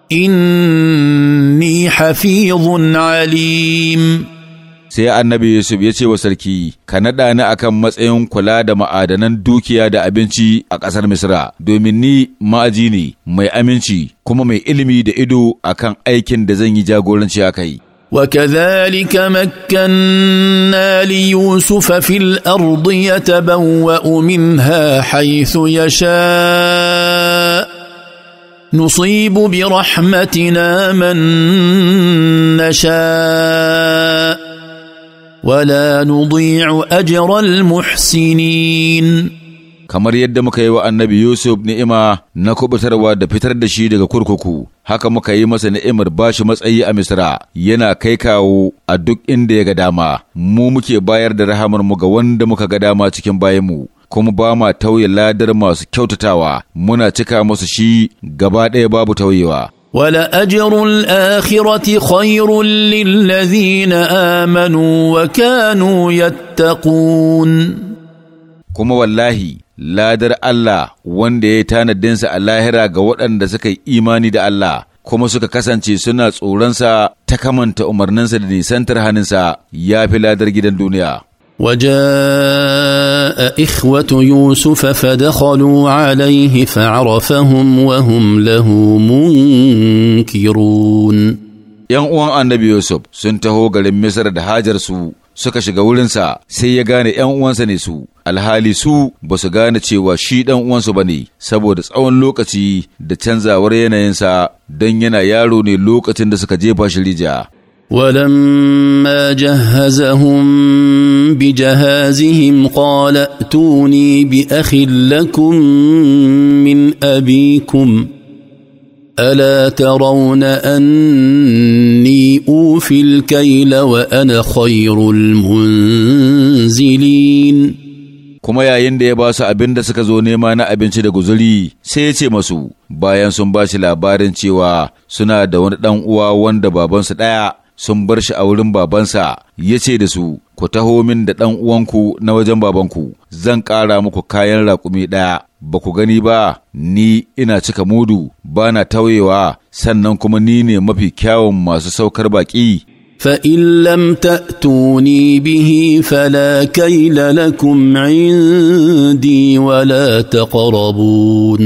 inni hafizun alim sai annabi Yusuf ya ce wa sarki, Ka naɗa ni akan matsayin kula da ma'adanan dukiya da abinci a ƙasar Misra, domin ni ma'aji ne mai aminci kuma mai ilimi da ido akan aikin da zan yi jagoranci a kai. وكذلك مكنا ليوسف في الارض يتبوا منها حيث يشاء نصيب برحمتنا من نشاء ولا نضيع أجر المحسنين kamar yadda muka yi wa annabi Yusuf ni'ima na kubutarwa da fitar da shi daga kurkuku, haka muka yi masa ni'imar bashi matsayi a Misra yana kai kawo a duk inda ya ga dama, mu muke bayar da rahamar mu ga wanda muka ga dama cikin bayanmu. kuma ba ma tauye ladar masu kyautatawa muna cika musu shi gaba ɗaya babu tauyewa ولأجر الآخرة amanu wa آمنوا وكانوا يتقون Kuma wallahi, ladar Allah wanda ya tanadinsa a lahira ga waɗanda suka yi imani da Allah kuma suka kasance suna tsoronsa ta kamanta umarninsa da nisantar hannunsa ya fi ladar gidan duniya. وجاء إخوة يوسف فدخلوا عليه فعرفهم وهم له منكرون ‘Yan uwan annabi Yusuf sun taho garin Misar da hajarsu suka shiga wurinsa sai ya gane ‘yan uwansa ne su, alhali su ba su gane cewa shi ɗan uwansu ba ne, saboda tsawon lokaci da canzawar yanayinsa don yana yaro ne lokacin da suka jefa shi rija. ولما جهزهم بجهازهم قال ائتوني باخ لكم من ابيكم الا ترون اني اوفي الكيل وانا خير المنزلين kuma yayin da ya ba su abin da suka zo nema na abinci da guzuri sai ya ce masu bayan sun ba shi labarin cewa suna da wani ɗan uwa wanda babansu ɗaya sun bar shi a wurin babansa ya ce da su ku taho min da ɗan uwanku na wajen babanku zan ƙara muku kayan raƙumi ɗaya ba ku gani ba ni ina cika mudu ba na tauyewa sannan kuma ni ne mafi kyawun masu saukar baƙi فإن لم تأتوني به فلا كيل لكم عندي ولا تقربون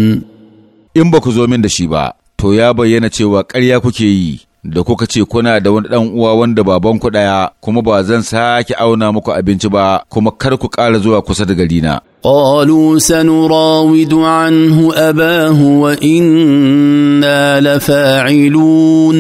in ba ku zo min da shi ba, to ya bayyana cewa ƙarya kuke yi, da kuka ce kuna da wani ɗan uwa wanda baban ku ɗaya kuma ba zan sake auna muku abinci ba kuma kar ku ƙara zuwa kusa da garina. قالوا سنراود عنه na وإنا لفاعلون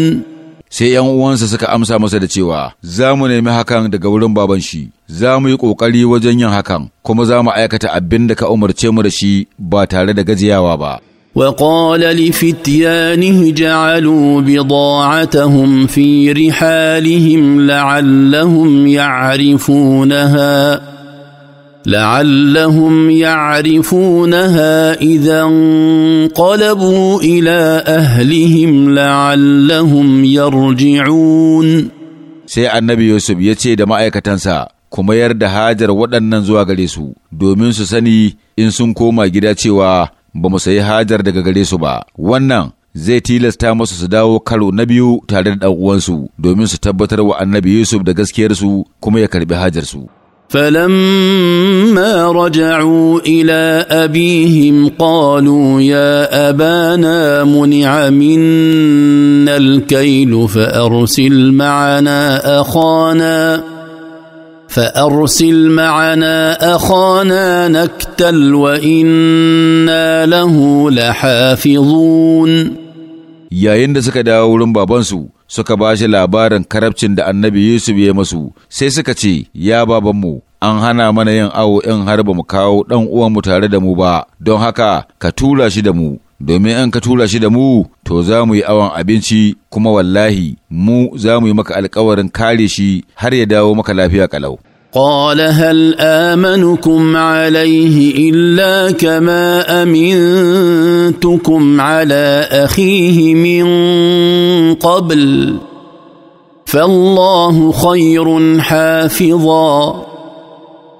sai ‘yan uwansa suka amsa masa da cewa, Za mu nemi hakan daga wurin baban shi, za mu yi ƙoƙari wajen yin hakan, kuma za mu aikata abin da ka umarce mu da shi ba tare da gajiyawa ba. وقال لفتيانه جعلوا بضاعتهم في رحالهم لعلهم يعرفونها لعلهم يعرفونها اذا انقلبوا الى اهلهم لعلهم يرجعون sai annabi yusuf ya ce da ma'aikatansa ku mayar da hajar waɗannan zuwa gare su domin su sani in sun koma gida cewa ba mu sayi hajar daga gare su ba wannan zai tilasta masu su dawo karo na biyu tare da uwansu domin su tabbatar wa annabi Yusuf da gaskiyarsu kuma ya karbi hajarsu. فلما رجعوا الى ابيهم قالوا يا ابانا منع منا الكيل فارسل معنا اخانا فارسل معنا اخانا نكتل وانا له لحافظون yayin da suka dawo wurin babansu suka ba shi labarin karabcin da annabi yusuf ya masu sai suka ce ya babanmu an hana mana yin awo in har ba mu kawo ɗan uwanmu tare da mu ba don haka ka tura shi da mu domin an ka tura shi da mu to za mu yi awon abinci kuma wallahi mu za mu yi maka alkawarin kare shi har ya dawo maka lafiya kalau. قال هل امنكم عليه الا كما امنتكم على اخيه من قبل فالله خير حافظا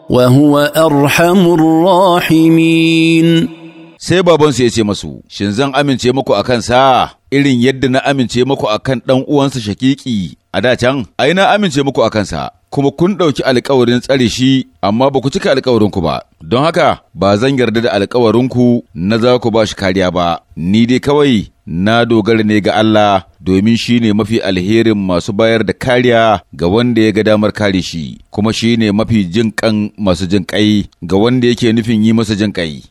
وهو ارحم الراحمين sai babansu ya ce masu, Shin zan amince muku a kansa irin yadda na amince muku a kan ɗan uwansa shakiki a da can, ai na amince muku a kansa, kuma kun ɗauki alkawarin tsare shi amma ba ku cika alkawarinku ba, don haka ba zan yarda da alkawarinku na za ku ba shi kariya ba, ni dai kawai na dogara ne ga Allah domin shi ne mafi alherin masu bayar da kariya ga wanda ya ga damar kare shi, kuma shi ne mafi jinƙan masu jinƙai ga wanda yake nufin yi masa jinƙai.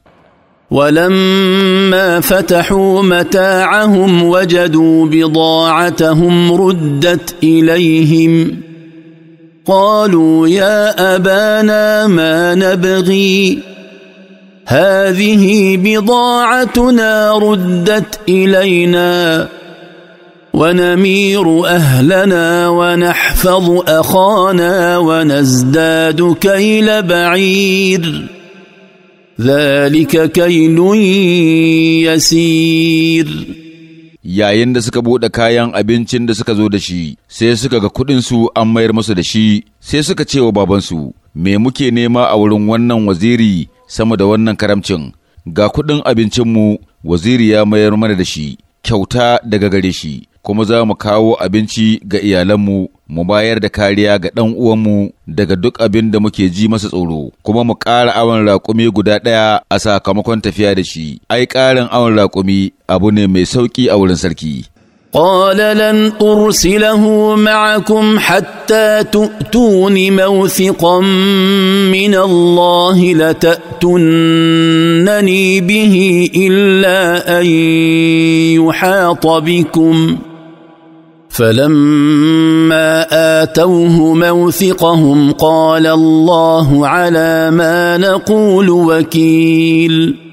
ولما فتحوا متاعهم وجدوا بضاعتهم ردت اليهم قالوا يا ابانا ما نبغي هذه بضاعتنا ردت الينا ونمير اهلنا ونحفظ اخانا ونزداد كيل بعير ذلك كيل يسير yayin da suka buɗe kayan abincin da suka zo da shi sai suka ga kuɗinsu an mayar musu da shi sai suka ce wa babansu me muke nema a wurin wannan waziri sama da wannan karamcin ga kuɗin abincinmu waziri ya mayar mana da shi kyauta daga gare shi kuma za mu kawo abinci ga iyalanmu mu bayar da kariya ga ɗan uwanmu daga duk abin da muke ji masa tsoro kuma mu ƙara awon raƙumi guda ɗaya a sakamakon tafiya da shi ai ƙarin awon raƙumi abu ne mai sauƙi a wurin sarki قال لن أرسله معكم حتى تؤتون موثقا من الله لتأتنني به إلا أن يحاط بكم فلما اتوه موثقهم قال الله على ما نقول وكيل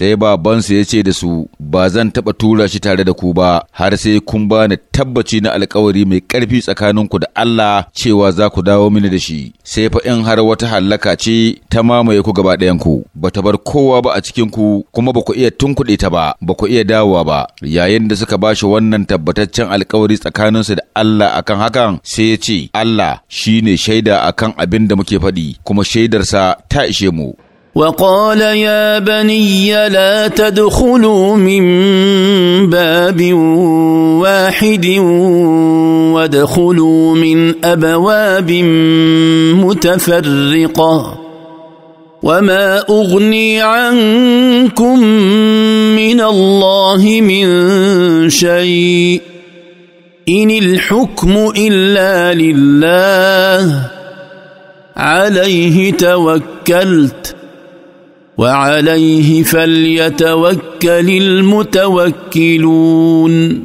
sai babansu ya ce da su ba zan taɓa tura shi tare da ku ba har sai kun ba ni tabbaci na alkawari mai ƙarfi tsakaninku da Allah cewa za ku dawo mini da shi sai fa in har wata hallaka ce ta mamaye ku gaba ɗayanku ba ta bar kowa ba a cikin ku kuma ba ku iya tunkuɗe ta ba ba ku iya dawowa ba yayin da suka bashi wannan tabbataccen alkawari tsakaninsu da Allah akan hakan sai ya ce Allah shine shaida akan abin da muke faɗi kuma shaidarsa ta ishe mu وقال يا بني لا تدخلوا من باب واحد وادخلوا من ابواب متفرقه وما اغني عنكم من الله من شيء ان الحكم الا لله عليه توكلت وعليه فليتوكل المتوكلون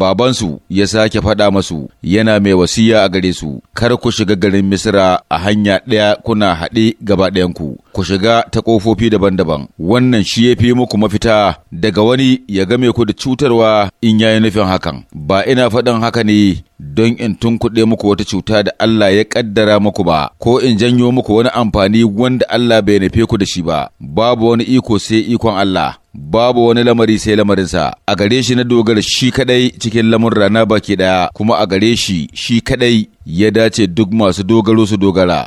babansu ya sake faɗa masu yana mai wasiya a gare su kar ku shiga garin misra a hanya ɗaya kuna haɗe gaba ɗayanku ku shiga ta kofofi daban-daban, wannan shi ya fi muku mafita daga wani ya game ku da cutarwa in yayi nufin hakan, ba ina faɗin haka ne don in tunkuɗe muku wata cuta da Allah ya ƙaddara muku ba, ko in janyo muku wani amfani wanda Allah bai nufe ku da shi ba, babu wani iko sai ikon Allah. Babu wani lamari sai lamarinsa, a gare shi na dogara shi kadai cikin lamun rana baki ɗaya, kuma a gare shi shi kadai ya dace duk masu dogaro su dogara.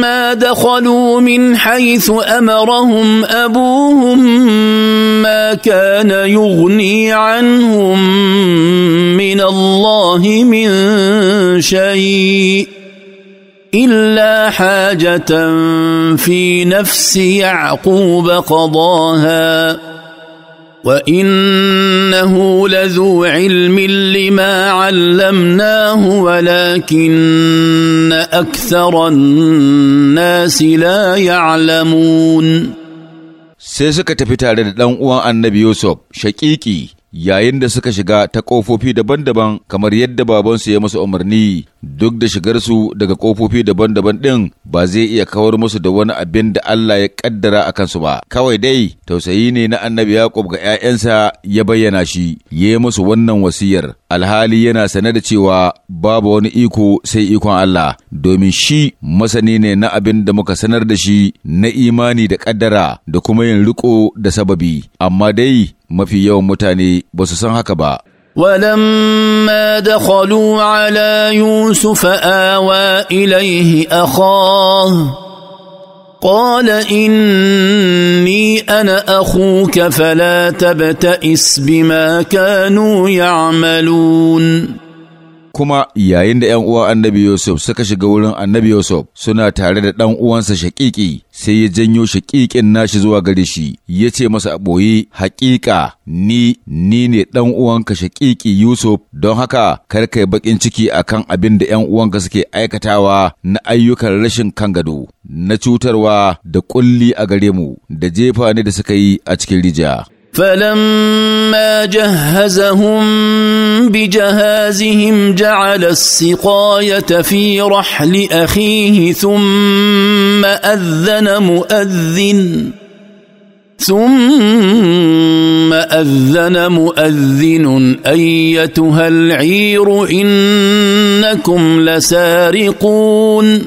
ما دخلوا من حيث امرهم ابوهم ما كان يغني عنهم من الله من شيء الا حاجه في نفس يعقوب قضاها وانه لذو علم لما علمناه ولكن اكثر الناس لا يعلمون sai suka tafi tare da ɗan uwan annabi yusuf shaƙiƙi yayin da suka shiga ta ƙofofi daban-daban kamar yadda babansu ya musu umarni duk da shigarsu daga ƙofofi daban-daban ɗin ba zai iya kawar musu da wani abin da Allah ya ƙaddara a kansu ba, kawai dai tausayi ne na annabi Yaƙub ga ‘ya'yansa ya bayyana shi, ya musu wannan wasiyar, alhali yana sane da cewa babu wani iko sai ikon Allah, domin shi masani ne na abin da muka sanar da shi na imani da ƙaddara da kuma yin riƙo da sababi, amma dai mafi yawan mutane ba su san haka ba. ولما دخلوا على يوسف آوى إليه أخاه قال إني أنا أخوك فلا تبتئس بما كانوا يعملون Kuma yayin da ‘yan uwa annabi Yusuf suka shiga wurin annabi Yusuf suna tare da ɗan uwansa shaƙiƙi, sai ya janyo shaƙiƙin nashi zuwa gare shi, ya ce masa a haƙiƙa ni, ni ne ɗan uwanka shaƙiƙi Yusuf, don haka kar yi baƙin ciki a kan abin da ‘yan uwanka suke aikatawa na ayyukan rashin kan gado, na cutarwa da ƙulli a gare mu, da jefa ne da suka yi a cikin rijiya. فلما جهزهم بجهازهم جعل السقايه في رحل اخيه ثم اذن مؤذن ثم اذن مؤذن ايتها العير انكم لسارقون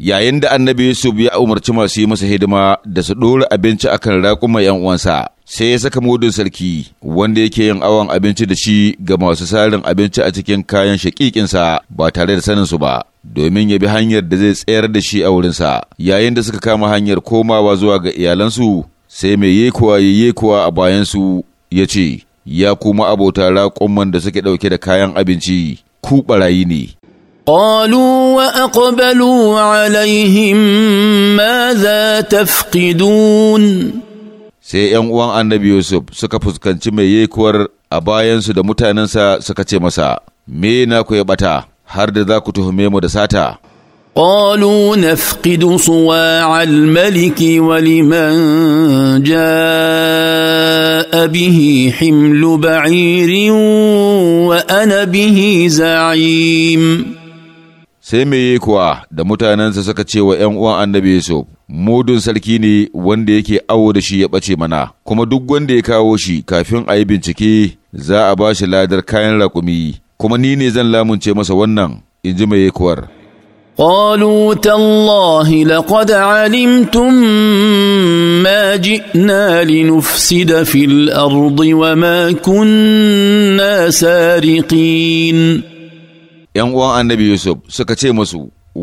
yayin da annabi Yusuf ya umarci masu yi masa hidima da su ɗora abinci akan raƙuma 'yan uwansa sai ya saka mudun sarki wanda yake yin awon abinci da shi ga masu sarin abinci a cikin kayan shaƙiƙinsa ba tare da saninsu ba domin ya bi hanyar da zai tsayar da shi a wurinsa yayin da suka kama hanyar komawa zuwa ga iyalansu sai mai yekuwa ya yekuwa a bayansu ya ce ya kuma abota raƙumman da suke ɗauke da kayan abinci ku ɓarayi ne قالوا وأقبلوا عليهم ماذا تفقدون sai ‘yan uwan annabi Yusuf suka fuskanci mai yekuwar a bayansu da mutanensa suka ce masa, Me na ku ya ɓata, har da za ku tuhume mu da sata. قالوا نفقد صواع الملك ولمن جاء به حمل بعير وانا به زعيم sai meye kuwa da mutanensa suka ce wa ‘yan uwan annabi Yusuf, mudun sarki ne wanda yake awo da shi ya ɓace mana, kuma duk wanda ya kawo shi kafin a yi bincike za a ba shi ladar kayan raƙumi, kuma ni ne zan lamunce masa wannan, in ji mai kuwar. قالوا تالله لقد علمتم ما جئنا لنفسد في الارض وما كنا سارقين ‘yan uwan annabi Yusuf suka ce masu,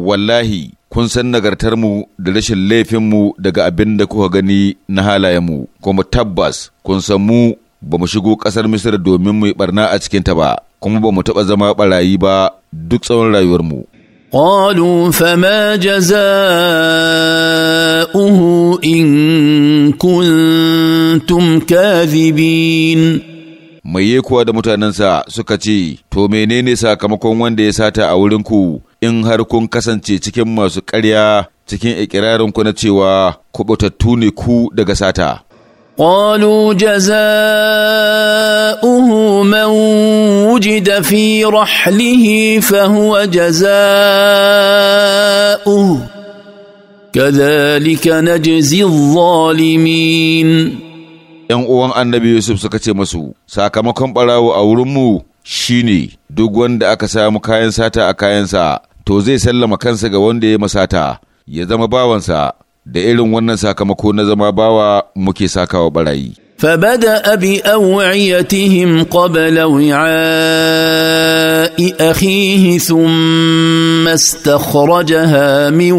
Wallahi, kun san nagartarmu da rashin laifinmu daga abin da kuka gani na halayenmu, kuma tabbas kun san mu ba mu shigo ƙasar Misir domin mu yi barna a cikinta ba, kuma ba mu taɓa zama ɓarayi ba duk tsawon rayuwarmu. قالوا فما جزاؤه إن كنتم كاذبين mai yi kuwa da mutanensa suka ce, To menene sakamakon wanda ya sata a wurinku in har kun kasance cikin masu ƙarya cikin ikirarinku na cewa kuɓutattu ne ku daga sata. قالوا جزاؤه من وجد في رحله فهو جزاؤه كذلك نجزي الظالمين ‘yan uwan annabi Yusuf suka ce masu, Sakamakon ɓarawo a wurinmu shi ne, duk wanda aka samu kayan sata a kayansa, to zai sallama kansa ga wanda ya masata, ya zama bawansa, da irin wannan sakamako na zama bawa muke sakawa ɓarayi. فبدأ بأوعيتهم قبل وعاء أخيه ثم استخرجها من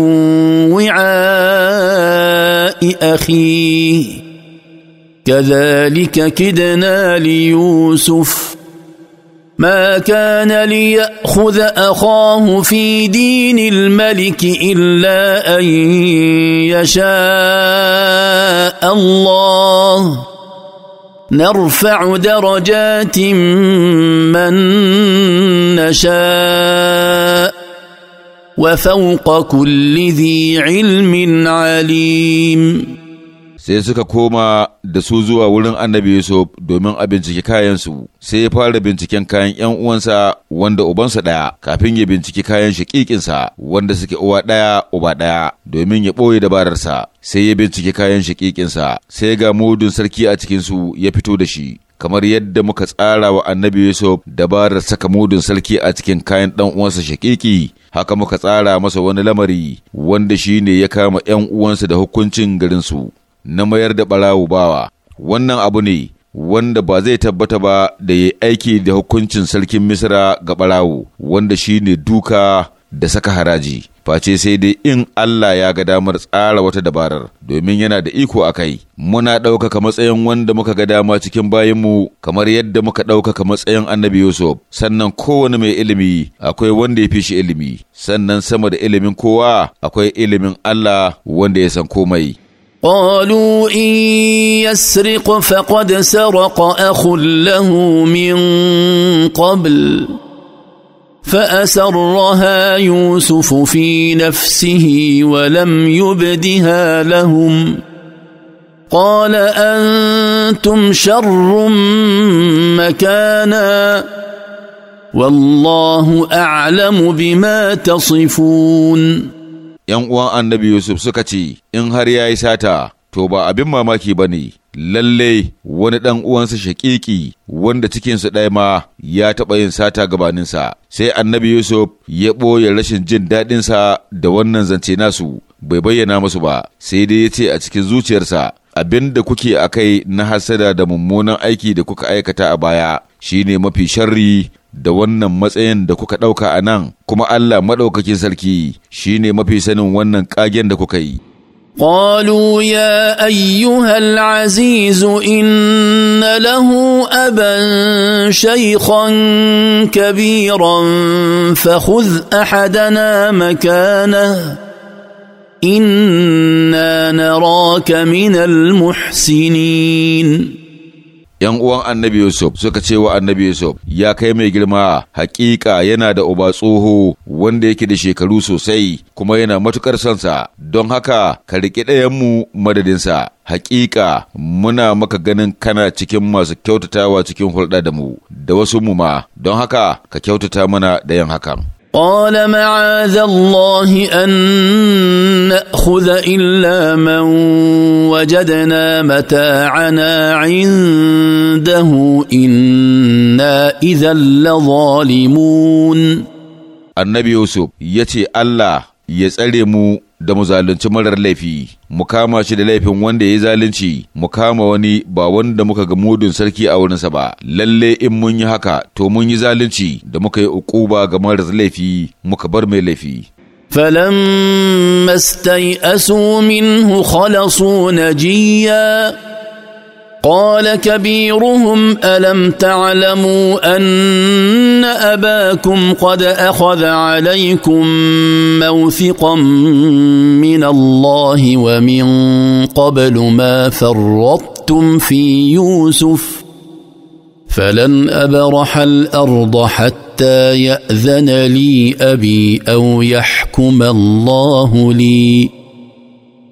وعاء أخيه كذلك كدنا ليوسف ما كان ليأخذ أخاه في دين الملك إلا أن يشاء الله نرفع درجات من نشاء وفوق كل ذي علم عليم sai suka koma da su zuwa wurin annabi Yusuf domin a binciki kayansu, sai ya fara binciken kayan ‘yan uwansa wanda ubansa ɗaya, kafin ya binciki kayan shakikinsa wanda suke uwa ɗaya uba ɗaya, domin ya ɓoye dabararsa, sai ya binciki kayan shakikinsa, sai ga mudun sarki a cikinsu ya fito da shi. kamar yadda muka tsara wa annabi Yusuf dabarar saka mudun sarki a cikin kayan ɗan uwansa shakiki haka muka tsara masa wani lamari wanda shine ya kama ‘yan uwansa da hukuncin garinsu. na mayar da ɓarawo bawa, wannan abu ne wanda ba zai tabbata ba da ya aiki da hukuncin sarkin Misra ga ɓarawo, wanda shi ne duka da saka haraji. Face sai dai in Allah ya ga damar tsara wata dabarar, domin yana da iko a kai, muna ɗaukaka matsayin wanda muka ga dama cikin bayanmu kamar yadda muka ɗaukaka matsayin annabi Yusuf, sannan kowane mai ilimi akwai wanda ya fi shi ilimi, sannan sama da ilimin kowa akwai ilimin Allah wanda ya san komai. قالوا ان يسرق فقد سرق اخ له من قبل فاسرها يوسف في نفسه ولم يبدها لهم قال انتم شر مكانا والله اعلم بما تصفون ‘yan uwan annabi Yusuf suka ce, In har ya yi sata, to ba abin mamaki ba ne, lalle wani ɗan uwansa shaƙiƙi wanda cikinsu ɗaya ma ya taɓa yin sata gabaninsa, sai annabi Yusuf ya ɓoye rashin jin daɗinsa da wannan zance nasu, bai bayyana musu ba, sai dai ya ce a cikin zuciyarsa, Abin da kuke a kai na hasada da mummunan aiki da kuka aikata a baya, shine mafi sharri da wannan matsayin da kuka ɗauka a nan, kuma Allah maɗaukakin sarki shi ne mafi sanin wannan ƙagen da kuka yi. قالوا يا أيها العزيز إن له أبا شيخا كبيرا فخذ أحدنا مكانه إنا نراك من المحسنين ‘yan uwan annabi Yusuf suka ce wa annabi Yusuf, ya kai mai girma, hakika yana da uba tsoho wanda yake da shekaru sosai kuma yana matukar sansa, don haka ka riƙi ɗayanmu madadinsa. Hakika muna maka ganin kana cikin masu kyautatawa cikin hulɗa da mu, da wasu mu ma, don haka ka kyautata mana da yin hakan. قال معاذ الله ان ناخذ الا من وجدنا متاعنا عنده انا اذا لظالمون النبي يوسف يتي الله يسأل da mu zalunci marar laifi mu kama shi da laifin wanda ya yi zalunci mu kama wani ba wanda muka ga mudun sarki a wurinsa ba lalle in mun yi haka to mun yi zalunci da muka yi ukuba ga marar laifi muka bar mai laifi فلما استيئسوا منه na jiya. قال كبيرهم الم تعلموا ان اباكم قد اخذ عليكم موثقا من الله ومن قبل ما فرطتم في يوسف فلن ابرح الارض حتى ياذن لي ابي او يحكم الله لي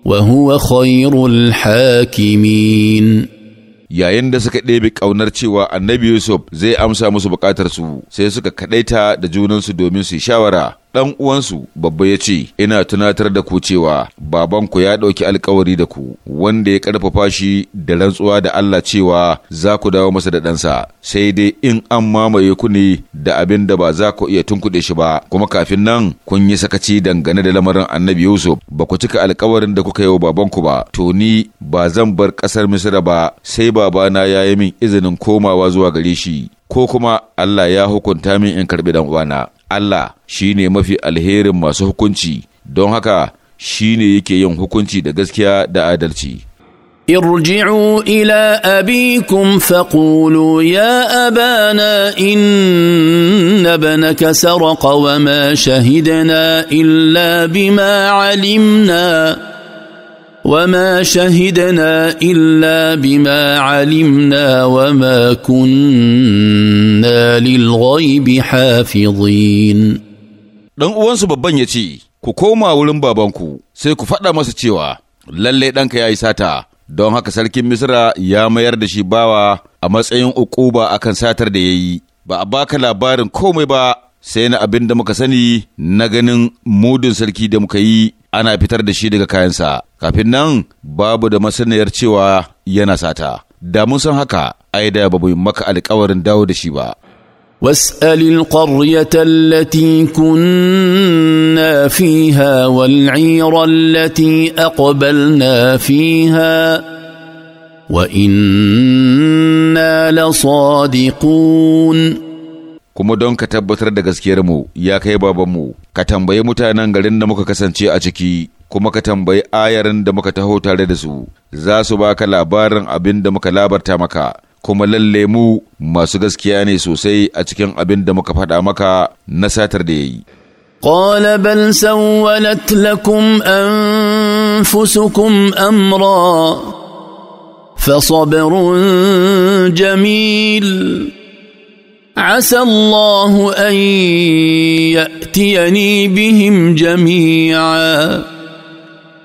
وهو خير الحاكمين yayin da suka ɗebe ƙaunar cewa annabi Yusuf zai amsa musu buƙatar su sai suka kaɗaita da junansu domin su yi shawara Dan uwansu babba ya ce, Ina tunatar da ku cewa babanku ya ɗauki alkawari da ku, wanda ya karfafa shi da rantsuwa da Allah cewa za ku dawo masa da ɗansa, sai dai in an mamaye ku ne da abin da ba za ku iya tunkuɗe shi ba, kuma kafin nan kun yi sakaci dangane da lamarin annabi Yusuf, ba ku cika alkawarin da kuka yi wa babanku ba, to ni ba zan bar ƙasar Misira ba, sai babana ya yi min izinin komawa zuwa gare shi. Ko kuma Allah ya hukunta min in karɓi dan uwana. Allah shi ne mafi alherin masu hukunci don haka shi ne yake yin hukunci da gaskiya da adalci. ارجعوا الى ابيكم فقولوا يا ابانا ان ابنك سرق وما شهدنا الا بما علمنا وما شهدنا الا بما علمنا وما كنا للغيب حافظين dan uwansu babban ya ce ku koma wurin babanku sai ku faɗa masa cewa lalle ɗanka ya yi sata don haka sarkin misra ya mayar da shi bawa a matsayin a akan satar da ya yi ba a baka labarin komai ba sai na abin da muka sani na ganin mudun sarki da muka yi ana fitar da shi daga kayansa kafin nan babu da masaniyar cewa yana sata da mun san haka ai da ba mu maka alkawarin dawo da shi ba واسال القريه التي كنا فيها والعير التي wa فيها وانا لصادقون kuma don ka tabbatar da gaskiyarmu ya kai babanmu ka tambayi mutanen garin da muka kasance a ciki kuma ka tambayi ayarin da muka taho tare da su za su baka labarin abin da muka labarta maka kuma lalle mu masu gaskiya ne sosai a cikin abin da muka faɗa maka na satar da ya yi. قال بل سولت لكم أنفسكم أمرا فصبر جميل عسى الله ان ياتيني بهم جميعا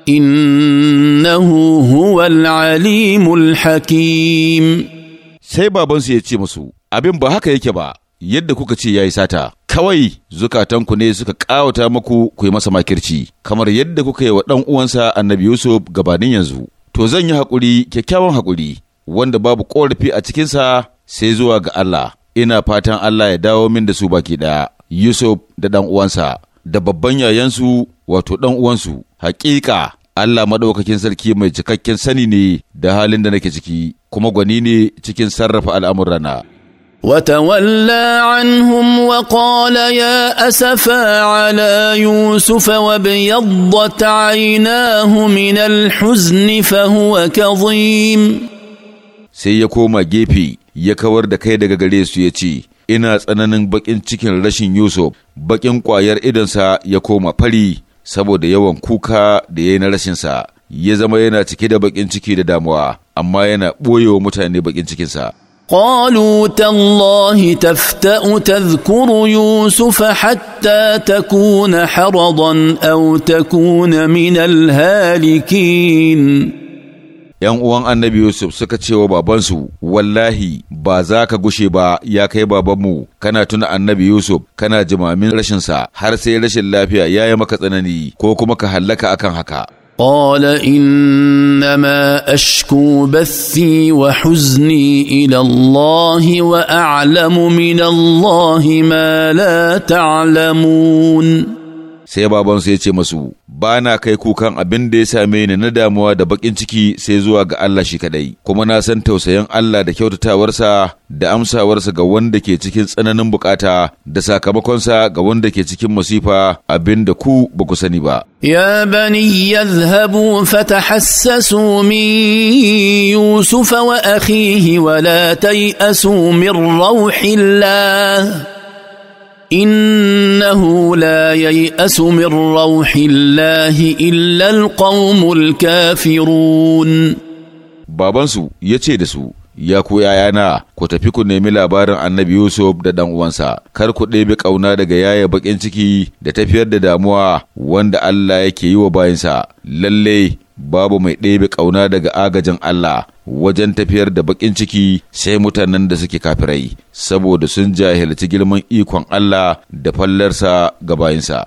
انه هو العليم الحكيم sai babansu ya ce musu abin ba haka yake ba yadda kuka ce ya yi sata kawai zukatanku ne suka ƙawata maku ku yi masa makirci kamar yadda kuka yi wa ɗan uwansa annabi yusuf gabanin yanzu to zan yi haƙuri kyakkyawan haƙuri wanda babu ƙorafi a cikinsa sai zuwa ga allah ina fatan Allah ya dawo min da su baki ɗaya, Yusuf da ɗan uwansa, da babban yayansu wato ɗan uwansu, haƙiƙa Allah maɗaukakin sarki mai cikakken sani ne da halin da nake ciki, kuma gwani ne cikin sarrafa al'amurana. وتولى عنهم وقال يا اسفا على يوسف وابيضت عيناه من الحزن فهو كظيم sai ya koma gefe ya kawar da kai daga gare su ya ce, Ina tsananin baƙin cikin rashin Yusuf, baƙin ƙwayar idonsa ya koma fari saboda yawan kuka da ya yi na rashinsa, ya zama yana cike da baƙin ciki da damuwa, amma yana ɓoyewa mutane baƙin cikinsa. قالوا تالله تفتأ تذكر يوسف حتى تكون حرضا أو تكون من الهالكين ‘yan uwan annabi Yusuf suka ce wa babansu, Wallahi, ba za ka gushe ba ya kai babanmu, kana tuna annabi Yusuf, kana jimamin rashinsa, har sai rashin lafiya ya yi maka tsanani, ko kuma ka hallaka akan haka. قال انما اشكو بثي وحزني الى الله واعلم من الله ما لا تعلمون sai babansu ya ce masu ba na kai kukan abin da ya same ni na damuwa da bakin ciki sai zuwa ga Allah shi kadai kuma na san tausayin Allah da kyautatawarsa da amsawarsa ga wanda ke cikin tsananin bukata da sakamakonsa ga wanda ke cikin masifa abin da ku ba ku sani ba ya bani yadhhabu fatahassasu min yusuf wa akhihi wa la tay'asu min rauhillah انه لا يياس من روح الله الا القوم الكافرون babansu ya ce da su ya ku yayana ku tafi ku nemi labarin annabi yusuf da dan uwansa kar ku ɗebe ƙauna daga yaya baƙin ciki da tafiyar da damuwa wanda allah yake yi wa bayansa lalle babu mai ɗebe ƙauna daga agajin Allah wajen tafiyar da baƙin ciki sai mutanen da suke kafirai saboda sun jahilci girman ikon Allah da fallarsa ga bayinsa.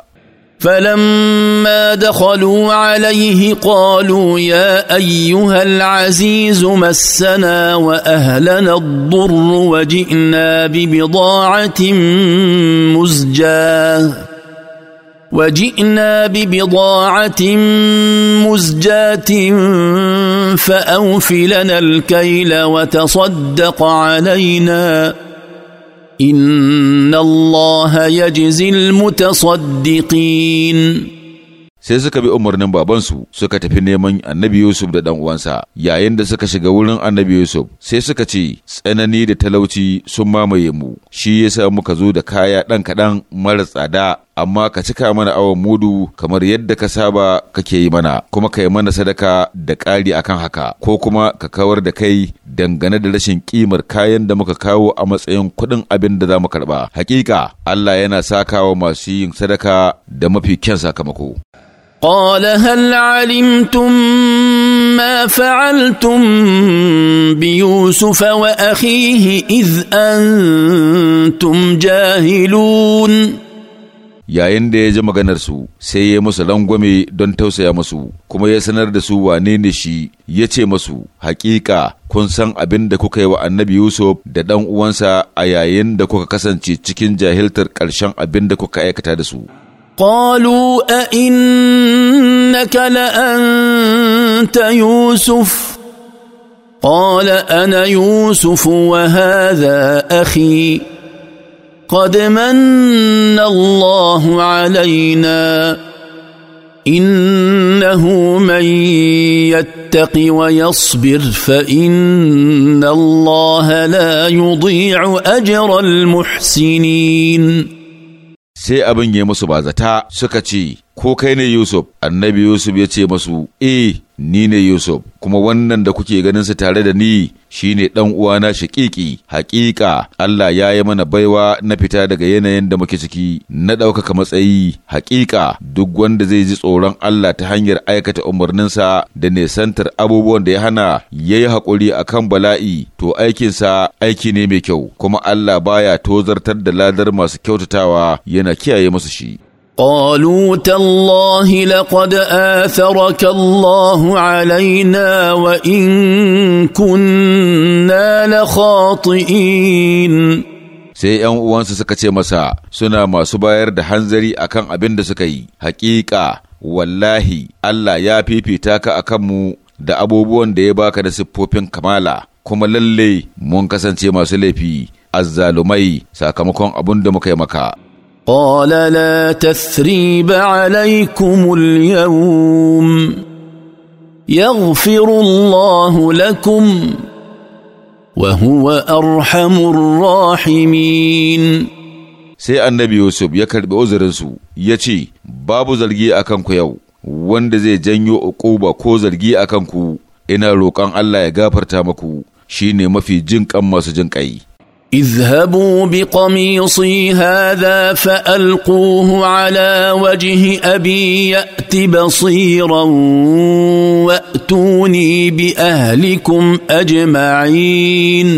فلما دخلوا عليه قالوا يا ايها العزيز مسنا واهلنا الضر وجئنا ببضاعه مزجاه وجئنا ببضاعه مزجاة فأوف لنا الكيل وتصدق علينا إن الله يجزي المتصدقين sai suka bi umarnin babansu suka tafi neman annabi Yusuf da uwansa yayin da suka shiga wurin annabi Yusuf sai suka ce tsanani da talauci sun mamaye mu shi yasa muka zo da kaya ɗan kaɗan mara tsada amma ka cika mana awon mudu kamar yadda ka saba kake yi mana kuma ka yi mana sadaka da ƙari akan haka ko kuma ka kawar da kai dangane da rashin kimar kayan da muka kawo a matsayin kuɗin abin da za mu karɓa hakika Allah yana sakawa masu yin sadaka da mafi kyan sakamako قال هل علمتم ما فعلتم بيوسف واخيه اذ انتم جاهلون yayin da ya ji maganarsu sai ya musu langwame don tausaya musu kuma ya sanar da su wane ne shi ya ce masu hakika kun san abin da kuka yi wa annabi Yusuf da ɗan uwansa a yayin da kuka kasance cikin jahiltar ƙarshen abin da kuka aikata da su. قالوا أئنك لأنت يوسف قال أنا يوسف وهذا أخي قد من الله علينا انه من يتق ويصبر فان الله لا يضيع اجر المحسنين sai abin ya musu bazata suka ce ko kai ne Yusuf annabi Yusuf ya ce masu e ni ne Yusuf kuma wannan da kuke ganinsa tare da ni shine dan uwana shakiki hakika Allah ya yi mana baiwa na fita daga yanayin da muke ciki na ɗaukaka matsayi hakika duk wanda zai ji tsoron Allah ta hanyar aikata umarninsa da nesantar abubuwan da ya hana ya yi haƙuri a kan bala'i to aikinsa aiki ne mai kyau kuma Allah baya tozartar da ladar masu kyautatawa yana kiyaye masu shi. قالوا تالله لقد اثرك الله علينا وان كنا لخاطئين sai ‘yan uwansu suka ce masa suna masu bayar da hanzari akan abin da suka yi, hakika wallahi Allah ya fifita ka a kanmu da abubuwan da ya baka da siffofin kamala, kuma lalle mun kasance masu laifi, azzalumai sakamakon abin da muka yi maka. قال لا تثريب عليكم اليوم يغفر الله لكم وهو أرحم الراحمين sai annabi Yusuf ya karɓi uzurinsu ya ce, Babu zargi a kanku yau, wanda zai janyo uquba ko zargi a kanku, ina roƙon Allah ya gafarta maku, shi ne mafi jin masu jin ƙai. اذهبوا بقميصي هذا فالقوه على وجه ابي يات بصيرا واتوني باهلكم اجمعين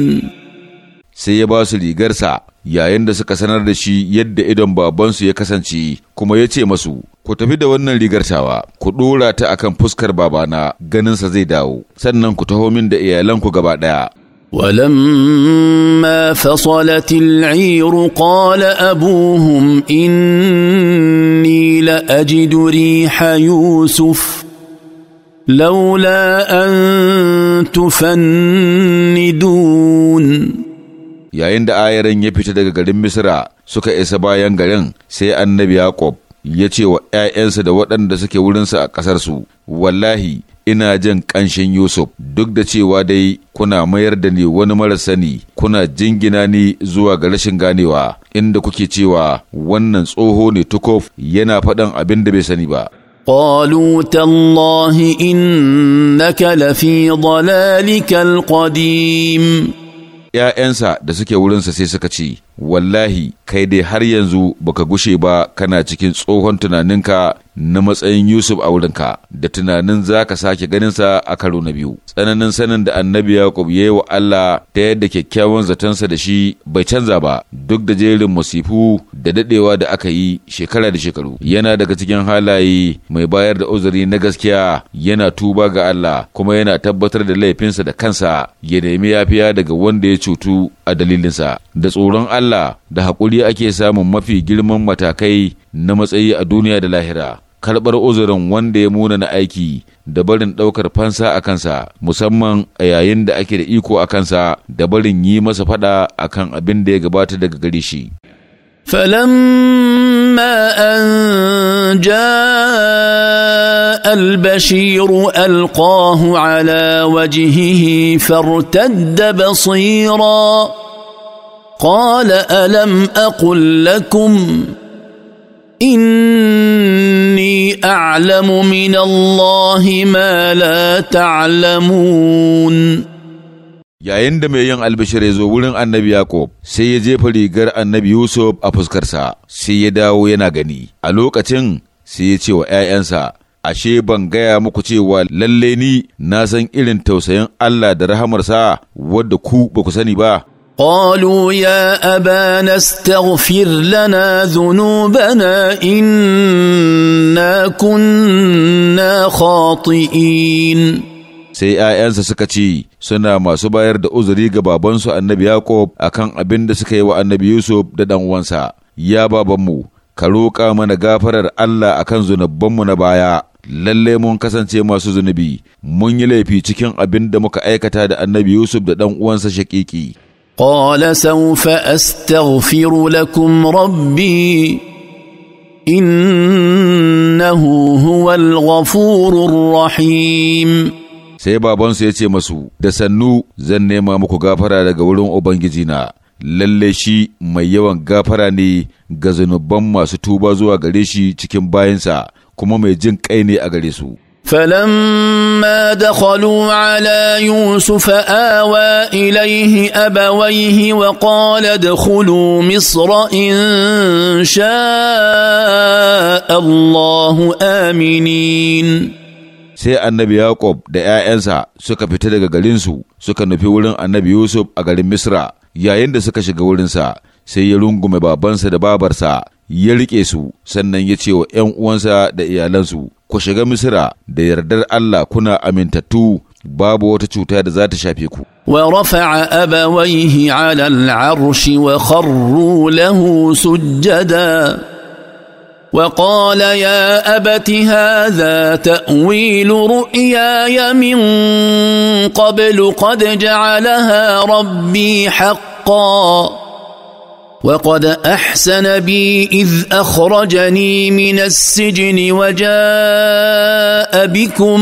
sai ya ba su rigarsa yayin da suka sanar da shi yadda idon babansu ya kasance kuma ya ce masu ku tafi da wannan rigartawa, ku ɗora ta akan fuskar babana ganinsa zai dawo sannan ku taho min da iyalanku gaba ɗaya ولما فصلت العير قال ابوهم اني لاجد ريح يوسف لولا ان تفندون yayin da ayaran ya fita daga garin misra suka isa bayan garin sai annabi yaƙob ya ce wa ‘ya'yansa da waɗanda suke wurinsa a ƙasarsu wallahi ina jin ƙanshin Yusuf duk da cewa dai kuna mayar da ni wani mara sani kuna jingina ni zuwa ga rashin ganewa inda kuke cewa wannan tsoho ne tukuf yana faɗan abin da bai sani ba. قالوا تالله إنك لفي ضلالك القديم ‘Ya'yansa da suke wurinsa sai suka ce, wallahi kai dai har yanzu baka gushe ba kana cikin tsohon tunaninka na matsayin Yusuf a wurinka da tunanin za ka sake ganinsa a karo na biyu. Tsananin sanin da annabi Yakub ya yi wa Allah ta yadda kyakkyawan zatonsa da shi bai canza ba duk da jerin masifu da dadewa da aka yi shekara da shekaru. Yana daga cikin halaye mai bayar da uzuri na gaskiya yana tuba ga Allah kuma yana tabbatar da laifinsa da kansa ya nemi yafiya daga wanda ya cutu a dalilinsa da tsoron Allah. Allah da haƙuri ake samun mafi girman matakai na matsayi a duniya da lahira. Karɓar uzurin wanda ya muna na aiki da barin ɗaukar fansa a kansa musamman a yayin da ake da iko a kansa da barin yi masa faɗa a kan abin da ya gabata daga gari shi. فلما أن جاء البشير ألقاه على وجهه فارتد بصيراً قال الم اقل لكم اني اعلم من الله ما لا تعلمون yayin da mai yin albishir ya zo wurin annabi Yakub sai ya jefa rigar annabi Yusuf a fuskarsa sai ya dawo yana gani a lokacin sai ya ce wa ‘ya'yansa ashe ban gaya muku cewa lalle ni na san irin tausayin Allah da rahamarsa wadda ku ba ku sani ba قالوا يا ابانا استغفر لنا ذنوبنا انا كنا خاطئين sai ‘ya'yansa suka ci suna masu bayar da uzuri ga babansu annabi Yaƙob a kan abin da suka yi wa annabi Yusuf da ɗan'uwansa, ya babanmu, ka roƙa mana gafarar Allah a kan zunubanmu na baya, lalle mun kasance masu zunubi, mun yi laifi cikin abin da muka aikata da annabi Yusuf da ɗan'uwansa shaƙiƙi. قال سوف استغفر لكم ربي انه هو الغفور الرحيم sai babansu ya ce masu da sannu zan nema muku gafara daga wurin Ubangiji na?" lalle shi mai yawan gafara ne ga zunuban masu tuba zuwa gare shi cikin bayansa kuma mai jin kai ne a gare su فلما دخلوا على يوسف اوى اليه ابويه وقال ادخلوا مصر ان شاء الله امنين sai annabi Yaƙob da ‘ya'yansa suka fita daga garinsu suka nufi wurin annabi Yusuf a garin Misra yayin da suka shiga wurinsa sai ya rungume babansa da babarsa ya riƙe su sannan ya ce wa ‘yan uwansa da iyalansu ku shiga misira da yardar Allah kuna amintattu babu wata cuta da za ta shafe ku. ورفع أبويه على العرش وخروا له سجدا وقال يا أبت هذا تأويل رؤياي من قبل قد جعلها ربي حقا وقد احسن بي اذ اخرجني من السجن وجاء بكم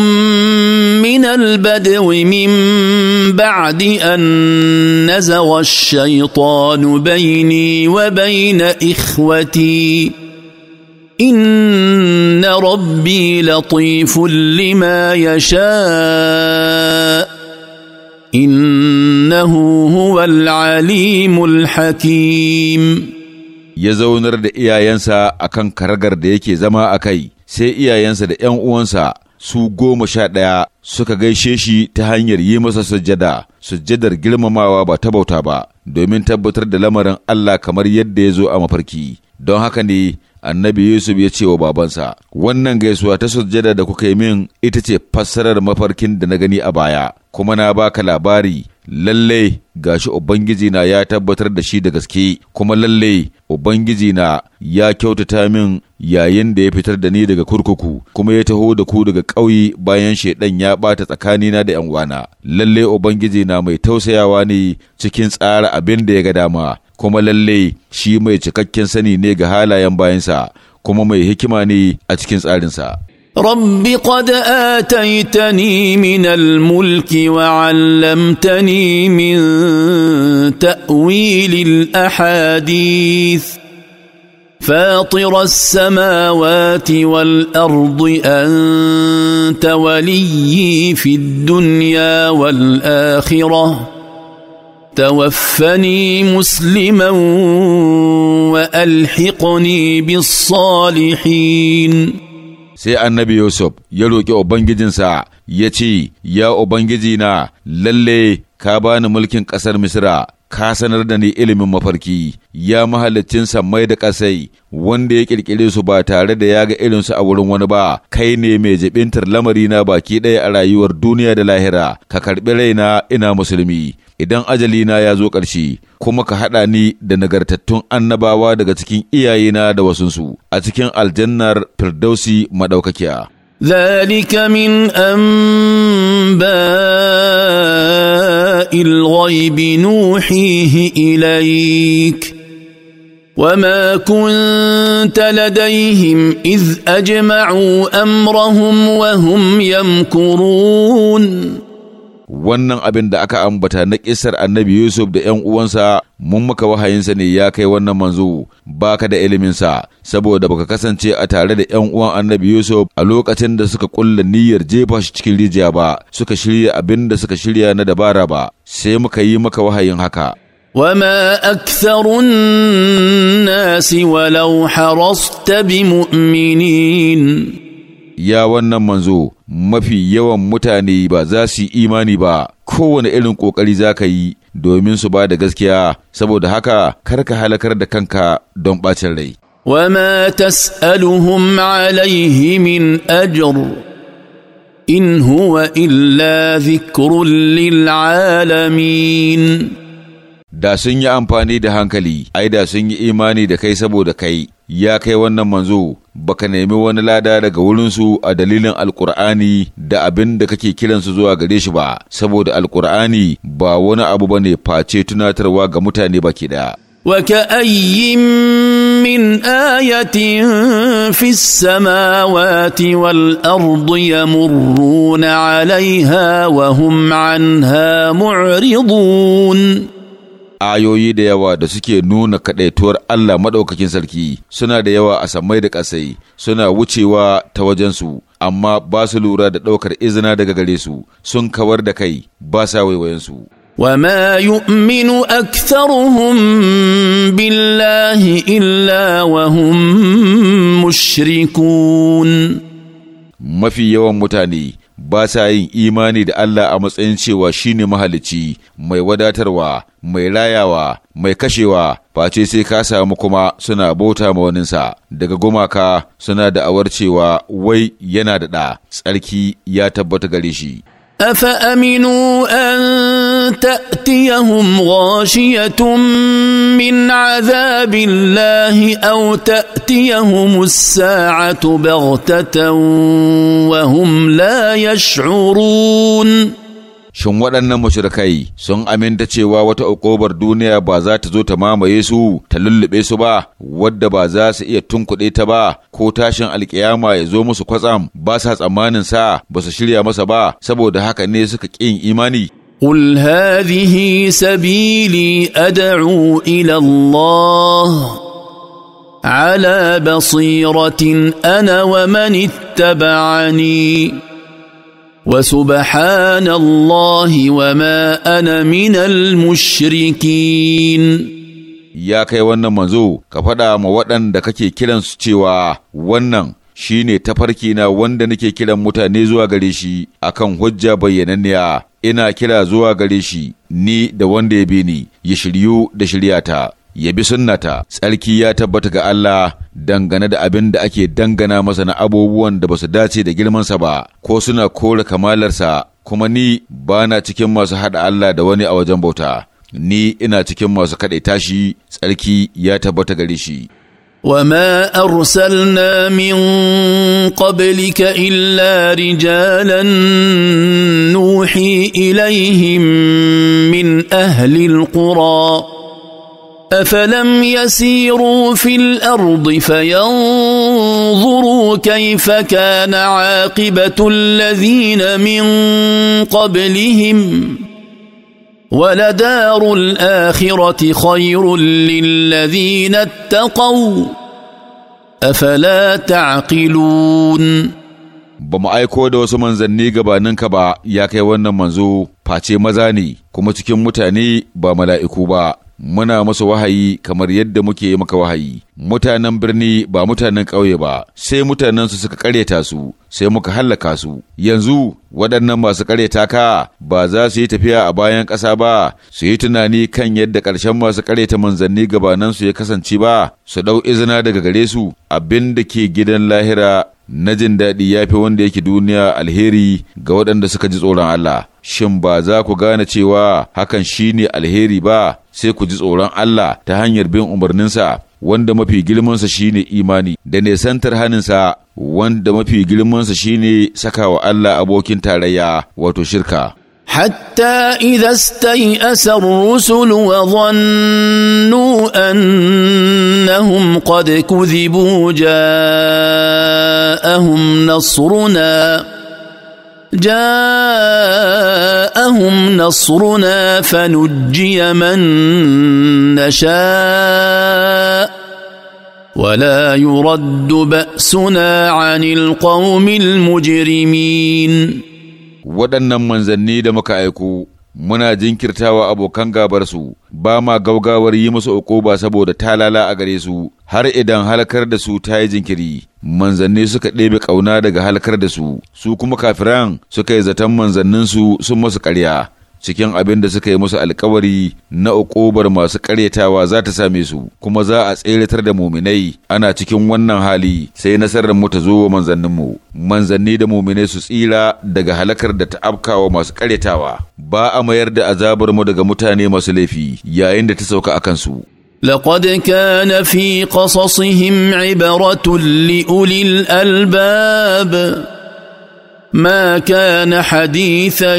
من البدو من بعد ان نزغ الشيطان بيني وبين اخوتي ان ربي لطيف لما يشاء إنه هو العليم الحكيم ya zaunar da iyayensa a kan karagar da yake zama a kai sai iyayensa da ‘yan uwansa su goma sha ɗaya suka gaishe shi ta hanyar yi masa sujjada sujjadar girmamawa ba ta bauta ba domin tabbatar da lamarin Allah kamar yadda ya zo a mafarki don haka ne annabi Yusuf ya ce wa babansa wannan gaisuwa ta sujjada da kuka yi min ita ce fassarar mafarkin da na gani a baya kuma na baka labari lalle shi ubangiji na ya tabbatar da shi da gaske kuma lalle ubangiji na ya kyautata min yayin da ya fitar da ni daga kurkuku kuma ya taho da ku daga ƙauye bayan shaidan ya bata tsakanina da 'yan uwana lalle ubangiji na mai tausayawa ne cikin tsara abin da ya ga dama kuma lalle shi mai cikakken sani ne ga halayen bayansa kuma mai hikima ne a cikin tsarinsa رب قد اتيتني من الملك وعلمتني من تاويل الاحاديث فاطر السماوات والارض انت وليي في الدنيا والاخره توفني مسلما والحقني بالصالحين sai annabi Yusuf ya roƙi Ubangijinsa ya ce, Ya Ubangijina, lalle ka bani mulkin ƙasar Misra, ka sanar da ni ilimin mafarki ya sa mai da ƙasai wanda ya ƙirƙire su ba tare da ya ga irinsu a wurin wani ba kai ne mai jibintar lamari na baki ɗaya a rayuwar duniya da lahira ka karɓi raina ina musulmi idan ajalina ya zo ƙarshe kuma ka haɗa ni da nagartattun annabawa daga cikin iyayena da wasunsu a cikin aljannar firdausi maɗaukakiya. ذلك من انباء الغيب نوحيه اليك وما كنت لديهم اذ اجمعوا امرهم وهم يمكرون wannan abin da aka ambata na kisar annabi Yusuf da ‘yan uwansa mun maka wahayinsa ne ya kai wannan manzo ba ka da iliminsa saboda baka kasance a tare da ‘yan uwan annabi Yusuf a lokacin da suka kulla niyyar jefa shi cikin rijiya ba suka shirya abin da suka shirya na dabara ba sai muka yi maka wahayin haka. وما اكثر النَّاسِ وَلَوْ حَرَصْتَ بِمُؤْمِنِينَ ya wannan manzo mafi yawan mutane ba za su yi imani ba kowane irin ƙoƙari za ka yi domin su ba da gaskiya saboda haka kar ka halakar da kanka don ɓacin rai. وما تسألهم 'alaihi min أجر in illa illa ذكر للعالمين da sun yi amfani da hankali ai da sun yi imani da kai saboda kai ya kai wannan manzo baka nemi wani lada daga wurinsu a dalilin alkur'ani da abin da kake kiransu zuwa gare shi ba saboda alkur'ani ba wani abu ba ne face tunatarwa ga mutane baki daya وكأي من آية في السماوات والأرض يمرون عليها وهم عنها معرضون ayoyi da yawa da suke nuna kaɗaituwar Allah maɗaukakin sarki suna da yawa a samai da ƙasai suna wucewa ta wajensu amma ba su lura da ɗaukar izina daga gare su sun kawar da kai ba sa waiwayensu. وما يؤمن Billahi بالله wa وهم مشركون mafi yawan mutane ba sa yin imani da Allah a matsayin cewa shi ne mahalicci mai wadatarwa, mai rayawa, mai kashewa, face sai ka samu kuma suna bauta ma waninsa, daga gumaka suna da da'awar cewa wai yana da ɗa, tsarki ya tabbata gare shi. افامنوا ان تاتيهم غاشيه من عذاب الله او تاتيهم الساعه بغته وهم لا يشعرون shin waɗannan mushrikai sun aminta cewa wata ukobar duniya ba za ta zo ta mamaye su ta lullube su ba wadda ba za su iya tunkuɗe ta ba ko tashin alkiyama ya zo musu kwatsam ba sa tsammanin sa ba su shirya masa ba saboda haka ne suka ƙin imani قل هذه سبيلي ادعو الى الله على بصيره انا ومن اتبعني وسبحان الله وما أنا من المشركين ya kai wannan manzo ka faɗa ma waɗanda kake kiransu cewa wannan shi ne tafarki na wanda nake kiran mutane zuwa gare shi akan hujja bayyananniya ina kira zuwa gare shi ni da wanda ya bi ni ya shiryu da shiryata ya bi sunnata tsarki ya tabbata ga Allah dangane da abin da ake dangana masa na abubuwan da basu dace da girmansa ba ko suna kore kamalarsa kuma ni ba na cikin masu haɗa Allah da wani a wajen bauta ni ina cikin masu kaɗaita shi tsarki ya tabbata gare shi وما ارسلنا من قبلك الا رجالا نوحي اليهم من ahlil القرى افلم يسيروا في الارض فينظروا كيف كان عاقبه الذين من قبلهم ولدار الاخره خير للذين اتقوا افلا تعقلون ba mu aiko da wasu manzanni gabaninka ba ya kai wannan manzo face maza ne kuma cikin mutane ba mala'iku ba muna masa wahayi kamar yadda muke maka wahayi mutanen birni ba mutanen ƙauye ba sai mutanen su suka ƙaryata su sai muka hallaka su yanzu waɗannan masu ƙaryata ka ba za su yi tafiya a bayan ƙasa ba su yi tunani kan yadda ƙarshen masu ƙaryata manzanni gabanan su ya kasance ba su ɗau izina daga gare su abin da ke gidan lahira na jin daɗi ya fi wanda yake duniya alheri ga waɗanda suka ji tsoron Allah, shin ba za ku gane cewa hakan shine alheri ba, sai ku ji tsoron Allah ta hanyar bin umarninsa wanda mafi girmansa shine imani da nesantar haninsa wanda mafi girmansa shine sakawa Allah abokin tarayya wato shirka حتى إذا استيأس الرسل وظنوا أنهم قد كذبوا جاءهم نصرنا جاءهم نصرنا فنجي من نشاء ولا يرد باسنا عن القوم المجرمين ودنا manzanni da muka muna jinkirtawa abokan gabarsu ba ma gaugawar yi musu uquba saboda talala a gare su har idan halkar da su ta yi jinkiri manzanni suka ɗebe ƙauna daga halkar da su su kuma kafiran suka yi zaton manzanninsu sun masu ƙarya cikin abin da suka yi musu alkawari na uƙobar masu ƙaryatawa za ta same su kuma za a tseratar da muminai ana cikin wannan hali sai nasarar mu ta zo wa manzanninmu manzanni da muminai su tsira daga halakar da ta wa masu ƙaryatawa ba a mayar da azabar mu daga mutane masu laifi yayin da ta sauka a kansu لقد كان في قصصهم عبرة لأولي الألباب ما كان حديثا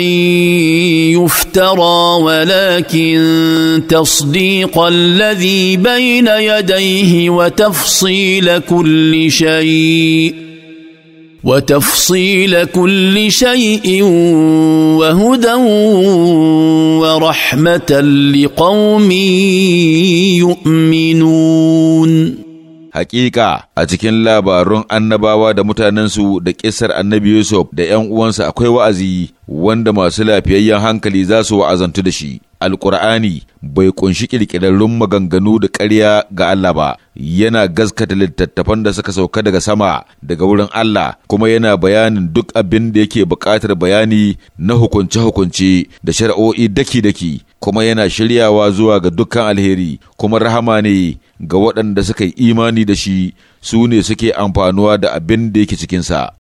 يفترى ولكن تصديق الذي بين يديه وتفصيل كل شيء وتفصيل كل شيء وهدى ورحمه لقوم يؤمنون Hakika a cikin labarun annabawa da mutanensu da kisar annabi Yusuf da ‘yan uwansa akwai wa'azi wanda masu lafiyayyen hankali za su wa'azantu da shi. Alƙur'ani bai kunshi kirkirarrun maganganu da ƙarya ga Allah ba, yana gaskata littattafan da suka sauka daga sama daga wurin Allah, kuma yana bayanin duk abin da yake buƙatar bayani na hukunce-hukunce da shari'o'i daki-daki, kuma yana shiryawa zuwa ga dukkan alheri, kuma rahama ne ga waɗanda suka yi imani da shi, su ne suke amfanuwa da abin da yake cikinsa.